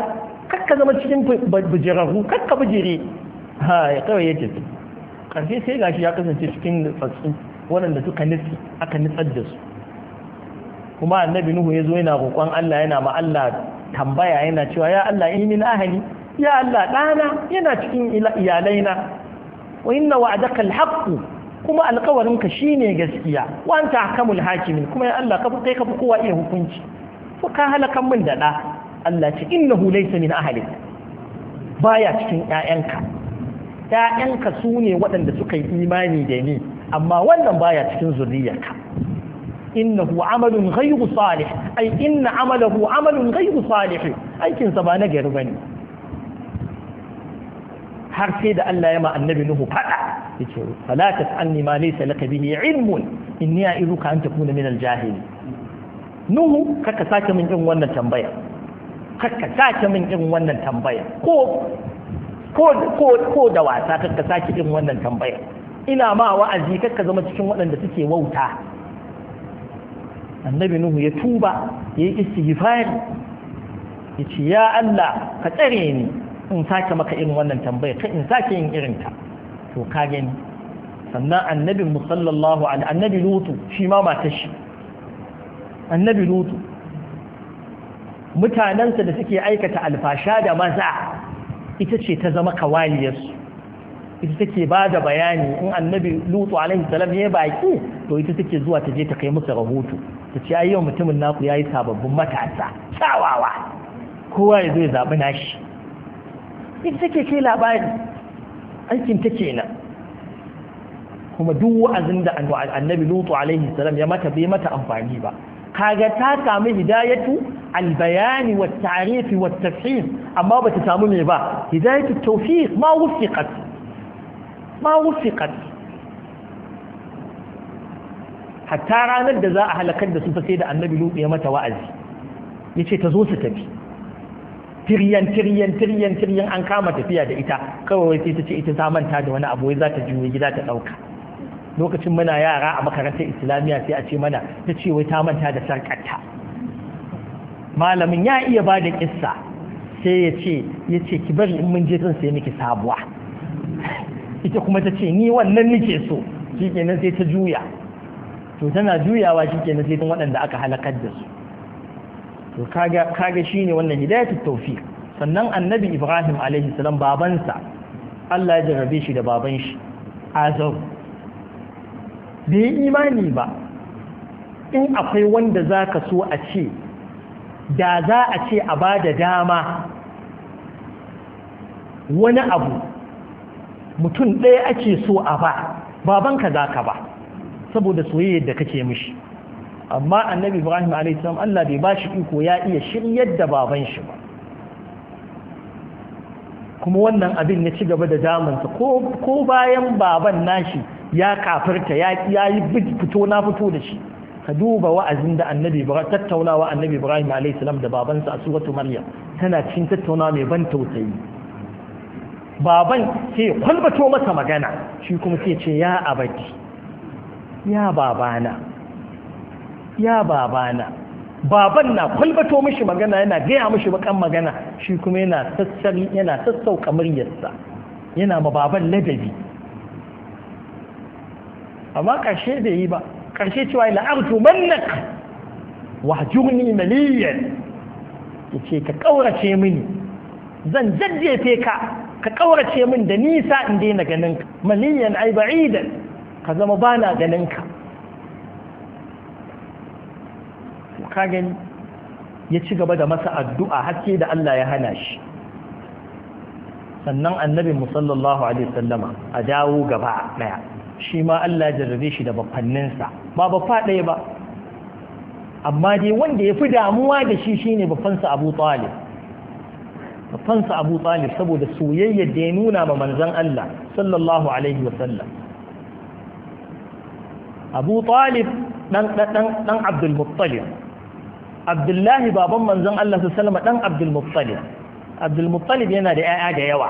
kakka zama cikin bujirarru kakka bujire ha ya kawai ya tafi karfi sai gashi ya kasance cikin tsatsu waɗanda suka nitsi aka nitsar da su kuma annabi nuhu ya zo yana roƙon Allah yana ma Allah tambaya yana cewa ya Allah inni min ahli ya Allah ɗana yana cikin iyalaina wa inna wa'daka alhaq kuma alƙawarinka shine gaskiya wa anta hakamul hakimin kuma ya Allah ka kai ka fi kowa iya hukunci to ka halakan min da ɗa Allah ce innahu laysa min ahli baya cikin ƴaƴanka ƴaƴanka sune waɗanda suka yi imani da ni amma wannan baya cikin zuriyarka innahu amalun ghayru salih ai inna amalahu amalun ghayru salih aikin sa ba na gari bane har sai da Allah ya ma annabi nuhu fada yace fala tasanni ma laysa laka bihi ilm inni a'iduka an takuna min al-jahil nuhu kaka sake min irin wannan tambaya kaka sake min irin wannan tambaya ko ko ko da wasa kaka sake irin wannan tambaya ina ma wa'azi kakka zama cikin waɗanda suke wauta annabi nuhu ya tuba ya yi istighfari ya ce ya Allah ka tsare ni in sake maka irin wannan tambaya ka in sake yin irin ta to ka gani sannan annabin mu sallallahu alaihi annabi lutu shi ma matar shi annabi lutu mutanensa da suke aikata alfasha da maza ita ce ta zama kawaliyarsu ita take ba da bayani in annabi lutu alaihi salam ya baki to ita take zuwa ta je ta kai musu rahoto ta ce ayyau mutumin naku ya yi sababbin matasa tsawawa kowa ya zo zaɓi nashi ita take kai labari aikin ta kenan kuma duk wa'azin da annabi lutu alaihi salam ya mata bai mata amfani ba kaga ta samu hidayatu albayani wa ta'rifi wa tafhim amma bata samu me ba hidayatu tawfiq ma wufiqat ma wufiqat hatta ranar da za a halakar da su fa sai da annabi lutu ya mata wa'azi yace ta zo su tafi tiryan tiryan tiryan tiryan an kama tafiya da ita kawai sai ta ce ita ta manta da wani abu za ta juyo gida ta ɗauka. lokacin muna yara a makarantar islamiyya sai a ce mana ta ce wai ta manta da sarkarta malamin ya iya ba da kissa sai ya ce ya ce ki bari in mun je zan sai miki sabuwa ita kuma ta ce ni wannan nike so shi kenan sai ta juya to tana juyawa shi kenan sai tun waɗanda aka halakar da su to kaga kaga shine wannan hidayatu tawfiq sannan annabi ibrahim alaihi salam babansa Allah ya jarrabe shi da baban shi azab bai imani ba in akwai wanda zaka so a ce da za a ce a ba da dama wani abu mutum ɗaya ake so a ba babanka za ka ba saboda soyayyar da kake mishi amma annabi ibrahim a.s. allah bai ba shi iko ya iya shiryar da baban shi ba kuma wannan abin ya ci gaba da damunsa ko bayan baban nashi ya kafarta ya yi fito na fito da shi ka duba wa'azin da annabi tattaunawa annabi ibrahim a.s. da babansa a suratu maryam tana cin tattaunawa mai ban tausayi baban ke kwalbato masa magana shi kuma ke ce ya abadi ya babana ya babana baban na kwalbato mishi magana yana gaya mishi bakan magana shi kuma yana sassari yana sassauka muryarsa yana ma baban ladabi amma ƙarshe da yi ba ƙarshe cewa ila arju mannak wahjurni maliyan yace ka kaurace mini zan jajjefe ka ka kaurace min da nisa in daina ganin ka maliyan ai ba'idan ka zama bana ganin ka ka gani ya ci gaba da masa addu'a haske da Allah ya hana shi sannan annabi musallallahu alaihi sallama a dawo gaba daya shi ma Allah jarrabe shi da bafanninsa ba bafa ɗaya ba amma dai wanda ya fi damuwa da shi shine bafansa abu talib fansa abu talib saboda soyayya da ya nuna ma manzan Allah sallallahu alaihi wa sallam. abu talib dan dan abdul muttalib abdullahi baban manzan Allah su salama dan abdul muttalib abdul muttalib yana da yaya da yawa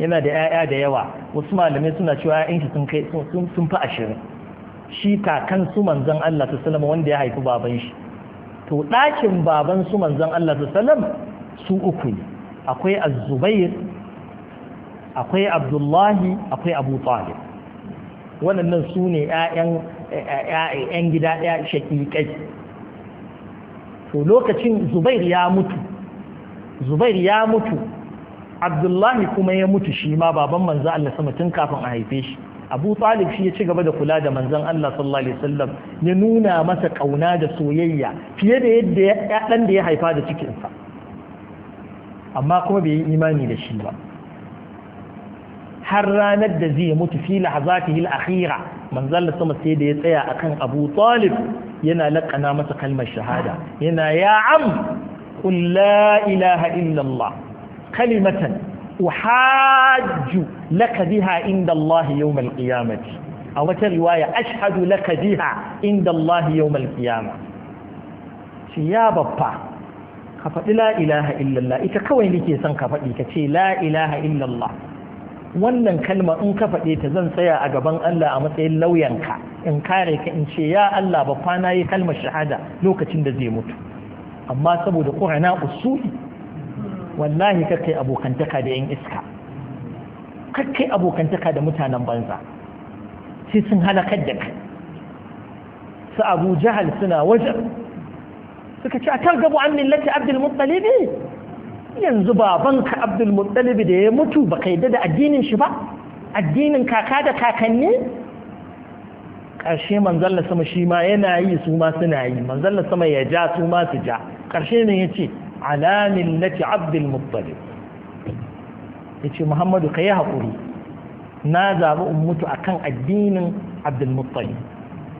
yana da yaya da yawa wasu malamai suna cewa yayan shi sun kai sun fi ashirin shi kakan su manzan Allah su salama wanda ya haifi baban shi to ɗakin baban su manzan Allah su salama su uku ne akwai az-zubair akwai abdullahi akwai abu talib waɗannan su ne 'ya'yan gida ɗaya shaƙiƙai to lokacin zubair ya mutu zubair ya mutu abdullahi kuma ya mutu shi ma baban manzo Allah sama tun kafin a haife shi abu talib shi ya ci gaba da kula da manzon Allah sallallahu alaihi wasallam ya nuna masa kauna da soyayya fiye da yadda ɗan da ya haifa da cikinsa amma kuma bai yi imani da shi ba har ranar da zai mutu fi lahzatihi al-akhira manzal sama sai da ya tsaya akan Abu Talib yana laƙana masa kalmar shahada yana ya am qul la ilaha illa Allah kalimatan uhajju laka biha inda Allah yawm al-qiyamah aw wata riwaya ashhadu laka biha inda Allah yawm al-qiyamah shi ya babba ka faɗi la ilaha illallah ita kawai nake son ka faɗi ka ce la ilaha illallah wannan kalma in ka faɗe ta zan tsaya a gaban Allah a matsayin lauyanka in kare ka in ce ya Allah ba kwana yi kalmar shahada lokacin da zai mutu amma saboda ƙurana usuli wallahi kakai abokantaka da yan iska kai abokantaka da mutanen banza sai sun halakar da kai su abu jahal suna wajen suka ce a kan targabu an millati abdul yanzu babanka abdul da ya mutu ba ka yadda da addinin shi ba addinin kaka da kakanni ƙarshe manzalla sama shi ma yana yi su ma suna yi manzalla sama ya ja su ma su ja ƙarshe ne ya ce ala millati abdul ya ce muhammadu ka yi haƙuri na zaɓi in mutu a kan addinin abdul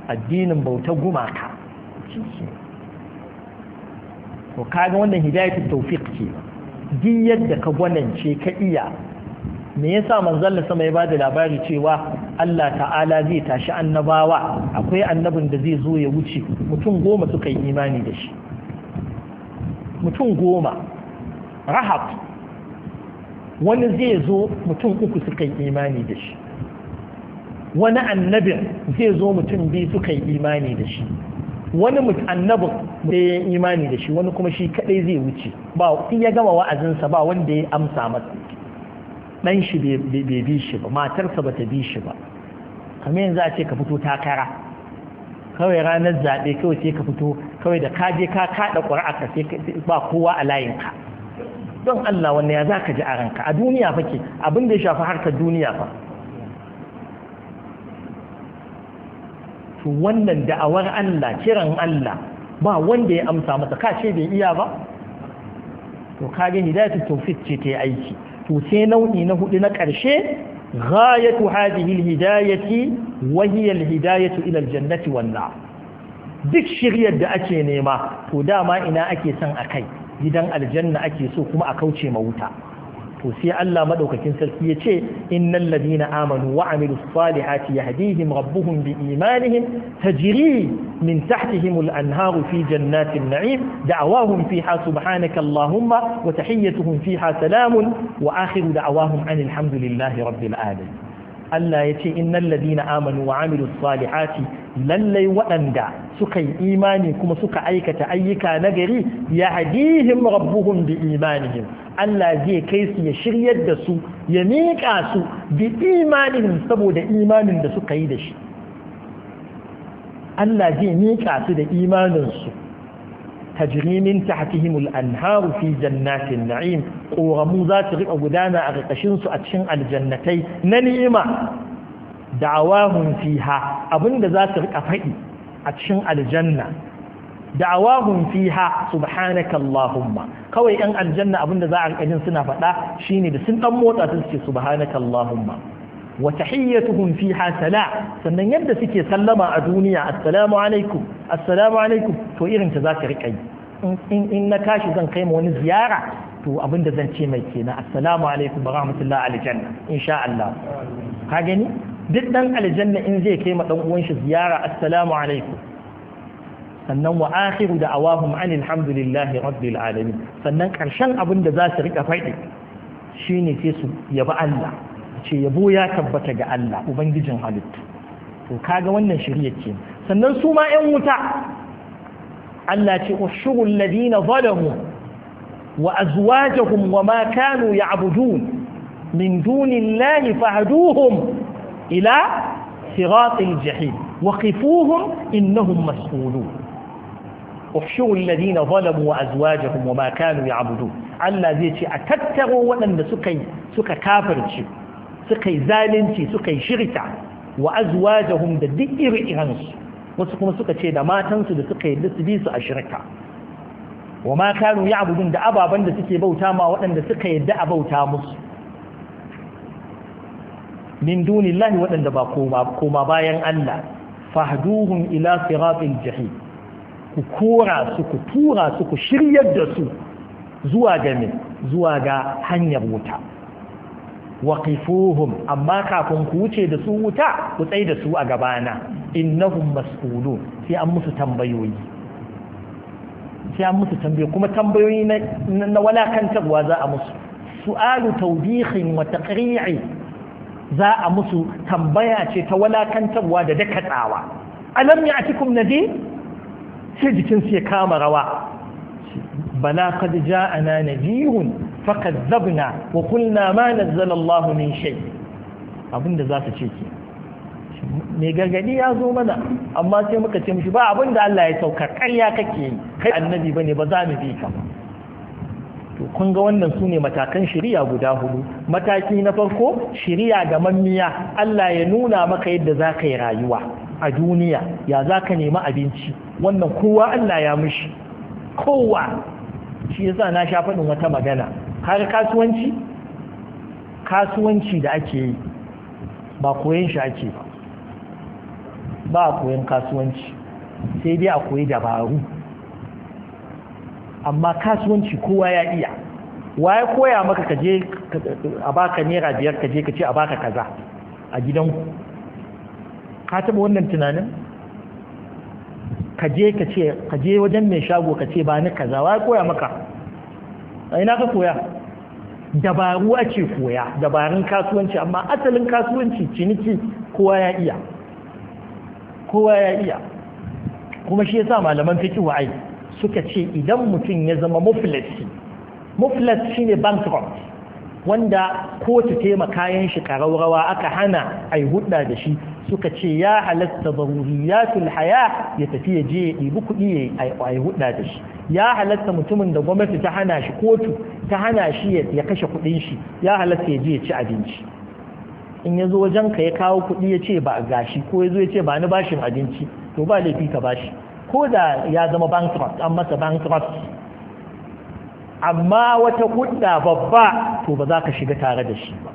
addinin bauta gumaka Ka kaga wannan hidayatu tawfiq ce din yadda ka gwanance ka iya me yasa manzon sama ya bada labari cewa Allah ta'ala zai tashi annabawa akwai annabin da zai zo ya wuce mutum goma suka yi imani da shi mutum goma rahab wani zai zo mutum uku suka yi imani da shi wani annabin zai zo mutum biyu suka yi imani da shi wani annabi da ya imani da shi wani kuma shi kadai zai wuce ba in ya gama wa'azinsa ba wanda ya amsa masa dan shi bai bi shi ba matarsa ba ta bi shi ba kamar yanzu a ce ka fito takara kawai ranar zabe kawai sai ka fito kawai da ka je ka kaɗa ƙuri'a ka sai ba kowa a layin ka don Allah wannan ya za ji a ranka a duniya fa ke abin da ya shafi harkar duniya fa to wannan da'awar Allah kiran Allah ba wanda ya amsa masa ka ce bai iya ba to kage hidayatu tawfiq ce ta aiki to sai nau'i na hudu na karshe ghayatu hadhihi alhidayati wa hiya alhidayatu ila aljannati wan nar duk shiryar da ake nema to dama ina ake son akai gidan aljanna ake so kuma a kauce ma wuta to sai Allah madaukakin sarki ya ce innal ladina amanu wa amilus salihati yahdihim rabbuhum bi imanihim tajri min tahtihim al anharu fi jannatin na'im da'awahum fiha subhanaka allahumma wa tahiyyatuhum fiha salamun wa akhiru da'awahum anil hamdulillahi rabbil alamin Allah ya ce innal ladina amanu wa amilus salihati lallai waɗanda suka yi imani kuma suka aikata ayyuka nagari yahdihim rabbuhum bi imanihim Allah zai kai su ya shiryar da su ya miƙa su bi imanin saboda imanin da suka yi da shi Allah zai miƙa su da imaninsu tajrimin min tahtihimul anharu fi jannatin na'im ƙoramu za su riƙa gudana a ƙarƙashin su a cikin aljannatai na ni'ima da'awahum fiha abinda za su riƙa faɗi a cikin aljanna da'awahum fiha subhanaka allahumma kawai yan aljanna abinda za a rikajin suna faɗa shine da sun dan motsa su ce subhanaka allahumma wa tahiyyatuhum fiha sala sannan yadda suke sallama a duniya assalamu alaikum assalamu alaikum to irin ta zaka rika yi in in na kashi zan kai ma wani ziyara to abinda zan ce mai kenan assalamu alaikum barahmatullah aljanna insha Allah ka gani duk dan aljanna in zai kai ma dan uwan shi ziyara assalamu alaikum sannan wa akhiru da'awahum anil hamdulillahi rabbil alamin sannan karshen abin da za su rika faɗi shine sai su yabi Allah ce yabo ya tabbata ga Allah ubangijin halittu to kaga wannan shirya ce sannan su ma ƴan wuta Allah ce ushurul ladina zalamu wa azwajuhum wa ma kanu ya'budun min dunillahi fahduhum ila siratil jahim waqifuhum innahum mas'ulun احشروا الذين ظلموا وازواجهم وما كانوا يعبدون Allah zai ce a tattaro waɗanda suka suka kafirci suka yi zalunci suka yi shirka wa azwajahum da duk iri su wasu kuma suka ce da matansu da suka yi su a shirka wa ma kanu ya'budun da ababan da suke bauta ma waɗanda suka yadda a bauta musu min dunillahi waɗanda ba koma bayan Allah fahduhum ila siratil jahim ku kora su ku tura su ku shiryar da su zuwa ga ne zuwa ga hanyar wuta waqifuhum amma kafin ku wuce da su wuta ku tsaye da su a gabana innahum mas'ulun sai an musu tambayoyi sai an musu tambayoyi kuma tambayoyi na na walakantarwa za a musu su'alu tawdihin wa taqri'i za a musu tambaya ce ta walakantarwa da dakatsawa alam ya'tikum nadir sai jikinsu ya kama rawa bala kad ja'ana nadirun fakadzabna wa kullana ma nazzala Allah min shay abinda za ce ki me gargadi ya zo mana amma sai muka ce mishi ba abinda Allah ya sauka ƙarya kake kai annabi bane ba za mu bi ka to kun ga wannan sune matakan shari'a guda hudu mataki na farko shari'a ga mamiya. Allah ya nuna maka yadda zaka yi rayuwa a duniya ya zaka nemi abinci wannan kowa Allah ya mushi kowa shi yasa na sha faɗin wata magana har kasuwanci kasuwanci da ake yi ba koyon shi ake ba ba koyon kasuwanci sai dai a koyi dabaru amma kasuwanci kowa ya iya waye koya maka kaje a baka naira biyar kaje kace a baka kaza a gidanku ka taɓa wannan tunanin ka je wajen mai shago ka ce ba ni kaza wa koya maka a ina ka koya dabaru ake koya dabarun kasuwanci amma asalin kasuwanci ciniki kowa ya iya kowa ya iya kuma shi yasa malaman fiqh wa'ai suka ce idan mutum ya zama muflisi muflis shine bankrupt wanda kotu taimaka kayan shi karaurawa aka hana ai hudda da shi suka ce ya halatta zaruriyatul haya ya tafi ya je ya ɗibi kuɗi ya yi huɗa da shi ya halatta mutumin da gwamnati ta hana shi kotu ta hana shi ya kashe kuɗin shi ya halatta ya je ya ci abinci in ya zo wajen ka ya kawo kuɗi ya ce ba gashi ko ya zo ya ce ba ni bashin abinci to ba laifi ka bashi ko da ya zama bankrupt an masa bankrupt amma wata hudda babba to ba za ka shiga tare da shi ba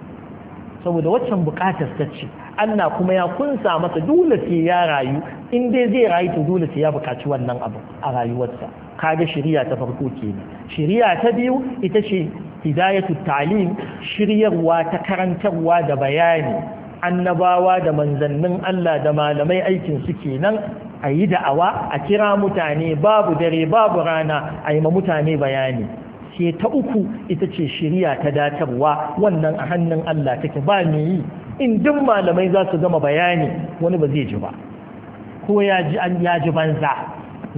saboda waccan bukatar ta ce Allah kuma ya kunsa masa dole sai ya rayu in dai zai rayu to dole sai ya bukaci wannan abu a rayuwarsa kaga shari'a ta farko kenan shari'a ta biyu ita ce hidayatu ta'lim shiryarwa ta karantarwa da bayani annabawa da manzannin Allah da malamai aikin su kenan ayi yi da'awa a kira mutane babu dare babu rana a yi ma mutane bayani ce ta uku ita ce shirya ta datarwa wannan a hannun Allah take ba ni yi in duk malamai za su gama bayani wani ba zai ji ba ko ya ji an ya ji banza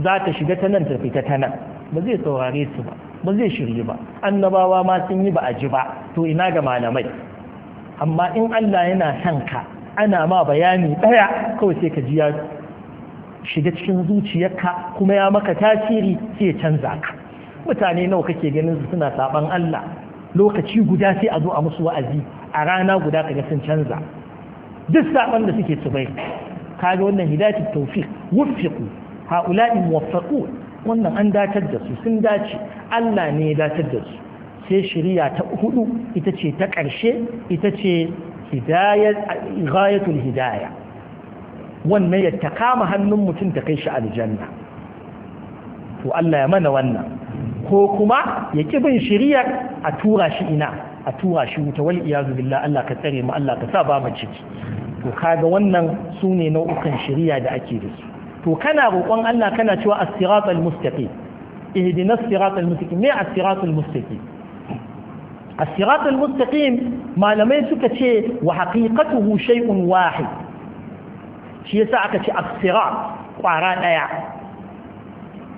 za ta shiga ta nan ta fita ta nan ba zai saurare su ba ba zai shirye ba annabawa ma sun yi ba a ji ba to ina ga malamai amma in Allah yana son ka ana ma bayani daya kawai sai ka ji ya shiga cikin zuciyarka kuma ya maka tasiri sai ya canza ka mutane nawa kake ganin su suna saban Allah lokaci guda sai a zo a musu wa'azi a rana guda kaga sun canza duk saban da suke su kaga wannan hidayatul tawfiq wuffiqu haula'i muwaffaqu wannan an datar da su sun dace Allah ne ya datar da su sai shari'a ta hudu ita ce ta karshe ita ce hidayat ghayatul hidaya wannan ya ta hannun mutum ta kai shi aljanna to Allah ya mana wannan ko kuma ya ki bin shiriyar a tura shi ina a tura shi wuta wal iyazu billah Allah ka tsare mu Allah ka sa ba mu ciki to kaga wannan sune nau'ukan shiriya da ake da su to kana roƙon Allah kana cewa as-siratal mustaqim ihdina as-siratal mustaqim me as-siratal mustaqim as-siratal mustaqim malamai suka ce wa haqiqatuhu shay'un wahid shi yasa aka ce as-sirat kwara daya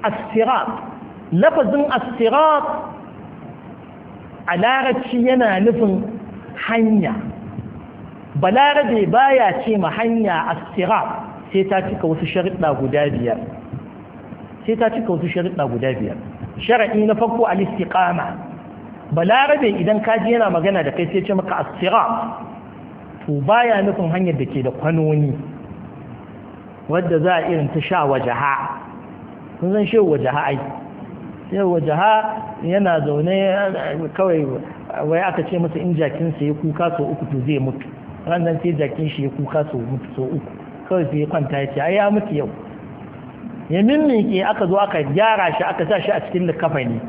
astirat lafazin astirat a larabci yana nufin hanya balarabe baya ce ma hanya astirat sai ta cika wasu sharuɗa guda biyar sai ta cika wasu sharuɗa guda biyar shara'i na farko a istiqama balarabe idan kaji yana magana da kai sai ce maka astirat to baya nufin hanyar da ke da kwanoni wadda za a irin ta sha wajaha kun zan shehu wajaha ai shehu yana zaune kawai wai aka ce masa in jakinsa ya kuka sau uku to zai mutu sai jakin shi ya kuka so mutu so uku kawai sai ya kwanta ya ce ai ya mutu yau ya mimmiƙe aka zo aka gyara shi aka sa shi a cikin ne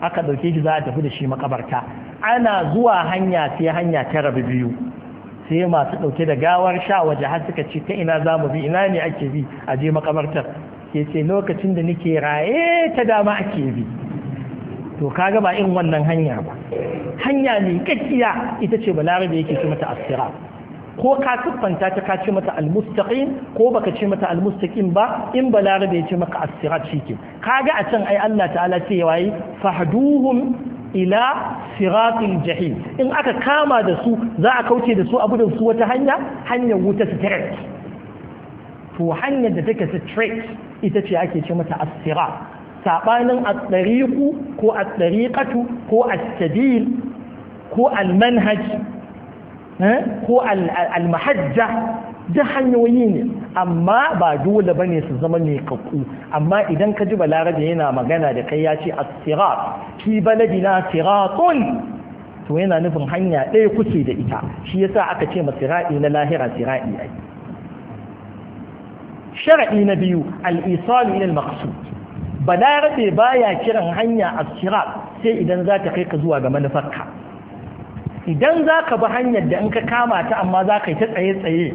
aka dauke shi za a tafi da shi makabarta ana zuwa hanya sai hanya ta rabu biyu sai masu dauke da gawar sha waje har suka ce ta ina za mu bi ina ne ake bi a je makabartar ya ce lokacin da nake raye ta dama ake bi to kaga ba irin wannan hanya ba hanya ne kakkiya ita ce balarabe yake ce mata asira ko ka siffanta ta ka ce mata almustaqim ko baka ce mata almustaqim ba in balarabe ya ce maka asira shike kaga a can ai Allah ta'ala ce waye fahduhum ila siratil jahim in aka kama da su za a kauce da su a su wata hanya hanyar wuta ta to hanyar da take straight ita ce ake ce mata asira sabanin at-tariqu ko at-tariqatu ko as-sabil ko al-manhaj eh, ko al-mahajja da hanyoyi ne amma ba dole bane su zama mai kakku amma idan ka ji balarabe yana magana da kai ya ce as-sirat fi baladina siratun to yana nufin hanya ɗaya kuke da ita shi yasa aka ce masira'i na lahira sira'i ai sharaɗi na biyu al'isalu ilil maqsud balarabe baya kiran hanya asira sai idan za ta kai ka zuwa ga manufarka idan za ka bi hanyar da in ka kama ta amma za ka yi ta tsaye-tsaye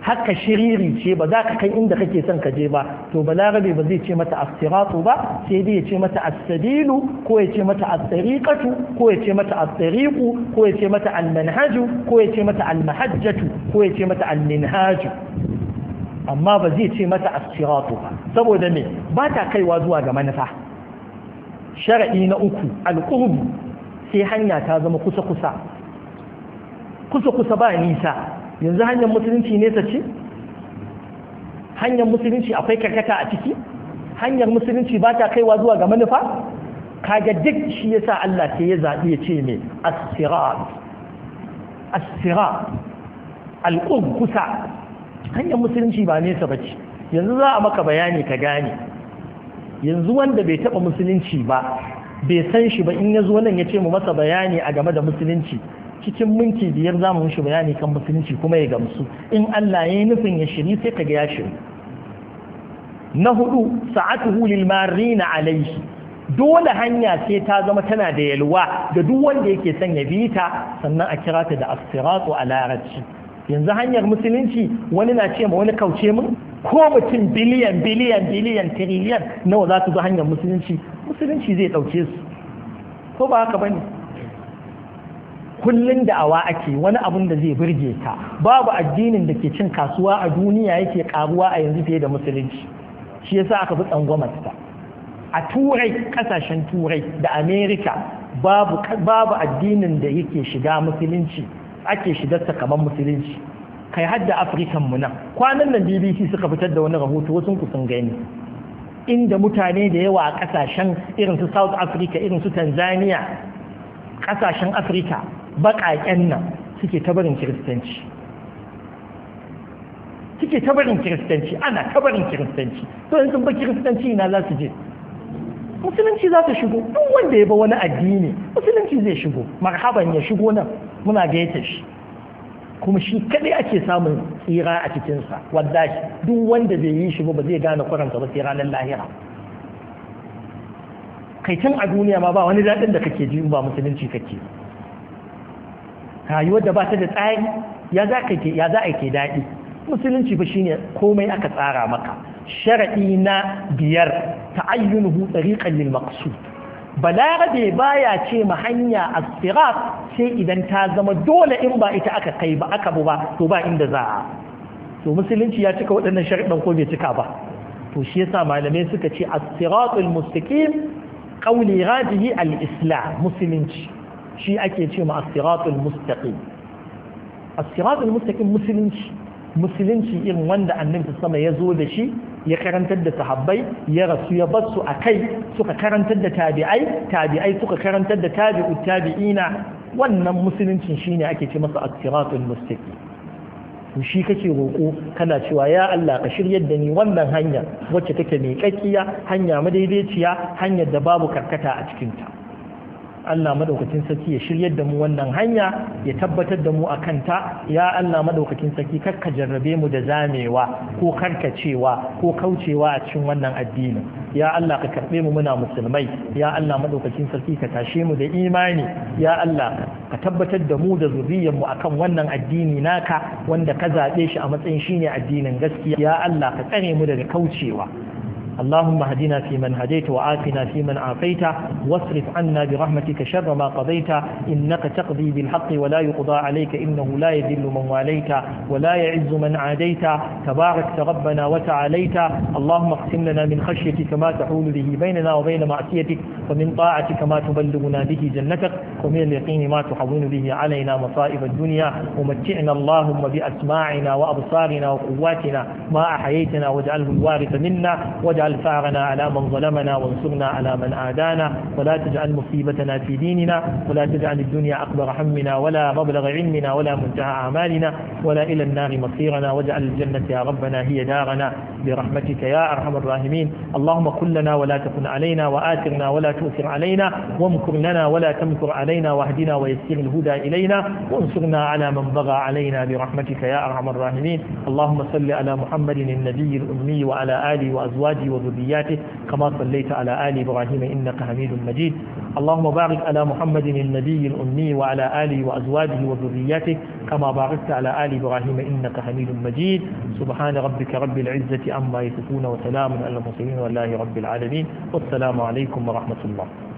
haka shiriri ce ba za ka kai inda kake son ka je ba to balarabe ba zai ce mata asiratu ba sai dai ya ce mata asabilu ko ya ce mata asariqatu ko ya ce mata asariqu ko ya ce mata almanhaju ko ya ce mata almahajjatu ko ya ce mata alminhaju amma ba zai ce mata asiratu saboda me ba ta kaiwa zuwa ga manufa shara'i na uku alƙurbu sai hanya ta zama kusa-kusa kusa-kusa ba nisa yanzu hanyar musulunci nesa ce hanyar musulunci akwai karkata a ciki hanyar musulunci ba ta kaiwa zuwa ga manufa kaga duk shi yasa Allah sai ya zaɓi ya ce me asirat asirat alƙurbu kusa hanyar musulunci ba nesa ba ce yanzu za a maka bayani ka gane yanzu wanda bai taba musulunci ba bai san shi ba in ya zo nan ya ce mu masa bayani a game da musulunci cikin minti biyar za mu shi bayani kan musulunci kuma ya gamsu in Allah ya yi nufin ya shiri sai ka ga ya shiri na hudu sa'atuhu lil marina alaihi dole hanya sai ta zama tana da yalwa ga duk wanda yake son ya bi ta sannan a kira ta da as-siratu ala yanzu hanyar musulunci wani na ce ma wani kauce mun ko mutum biliyan biliyan biliyan tiriliyan nawa za su zo hanyar musulunci musulunci zai ɗauke su ko ba haka bane kullun da awa ake wani abun da zai birge ka babu addinin da ke cin kasuwa a duniya yake karuwa a yanzu fiye da musulunci shi yasa aka fi ta a turai kasashen turai da amerika babu addinin da yake shiga musulunci ake shigarsa kamar musulunci kai hadda afirkan mu nan kwanan nan bbc suka fitar da wani rahoto wasu ku sun gani inda mutane da yawa a kasashen irin su south africa irin su tanzania kasashen afirka baƙaƙen nan suke tabarin kiristanci suke tabarin kiristanci ana tabarin kiristanci to yanzu ba kiristanci ina za su je musulunci za ta shigo duk wanda ya ba wani addini musulunci zai shigo marhaban ya shigo nan muna gaita shi kuma shi kadai ake samun tsira a cikinsa wallahi duk wanda bai yi shigo ba zai gane kuranta ba sai nan lahira kai can a duniya ma ba wani daɗin da kake ji ba musulunci kake rayuwar da ba ta da tsari ya za a ke daɗi musulunci ba shine komai aka tsara maka sharaɗi na biyar ta ayyunuhu tsariƙan lil maqsud balarabe baya ce ma hanya asirat sai idan ta zama dole in ba ita aka kai ba aka bu ba to ba inda za a to musulunci ya cika waɗannan sharaɗin ko bai cika ba to shi yasa malamai suka ce asiratul mustaqim qawli rajihi al-islam musulunci shi ake ce ma asiratul mustaqim mustaqim musulunci musulunci irin wanda annabi sama ya zo da shi ya karantar da sahabbai ya rasu ya bar su kai suka karantar da tabi'ai tabi'ai suka karantar da tabi'u tabi'ina wannan musuluncin shine ake ce masa as-siratul mustaqim to shi kake roko kana cewa ya Allah ka shiryar da ni wannan hanya wacce take mai kakkiya hanya madaidaiciya hanyar da babu karkata a cikinta Allah madaukakin sarki ya shiryar da mu wannan hanya ya tabbatar da mu a kanta ya Allah madaukakin sarki karka jarrabe mu da zamewa ko karkacewa ko kaucewa a cikin wannan addini ya Allah ka karbe mu muna musulmai ya Allah madaukakin sarki ka tashe mu da imani ya Allah ka tabbatar da mu da zuriyar mu akan wannan addini naka wanda ka zaɓe shi a matsayin shine addinin gaskiya ya Allah ka tsare mu daga kaucewa اللهم اهدنا فيمن هديت وعافنا فيمن عافيت واصرف عنا برحمتك شر ما قضيت إنك تقضي بالحق ولا يقضى عليك إنه لا يذل من واليت ولا يعز من عاديت تبارك ربنا وتعاليت اللهم اقسم لنا من خشيتك ما تحول به بيننا وبين معصيتك ومن طاعتك ما تبلغنا به جنتك ومن اليقين ما تحول به علينا مصائب الدنيا ومتعنا اللهم بأسماعنا وأبصارنا وقواتنا ما أحييتنا واجعله الوارث منا واجعل واجعل ثارنا على من ظلمنا وانصرنا على من عادانا ولا تجعل مصيبتنا في ديننا ولا تجعل الدنيا أكبر همنا ولا مبلغ علمنا ولا منتهى أعمالنا ولا إلى النار مصيرنا واجعل الجنة يا ربنا هي دارنا برحمتك يا أرحم الراحمين اللهم كن لنا ولا تكن علينا وآثرنا ولا تؤثر علينا وامكر لنا ولا تمكر علينا واهدنا ويسير الهدى إلينا وانصرنا على من بغى علينا برحمتك يا أرحم الراحمين اللهم صل على محمد النبي الأمي وعلى آله وأزواجه وذرياته كما صليت على آل إبراهيم إنك حميد مجيد اللهم بارك على محمد النبي الأمي وعلى آله وأزواجه وذرياته كما باركت على آل إبراهيم إنك حميد مجيد سبحان ربك رب العزة عما يصفون وسلام على المرسلين والله رب العالمين والسلام عليكم ورحمة الله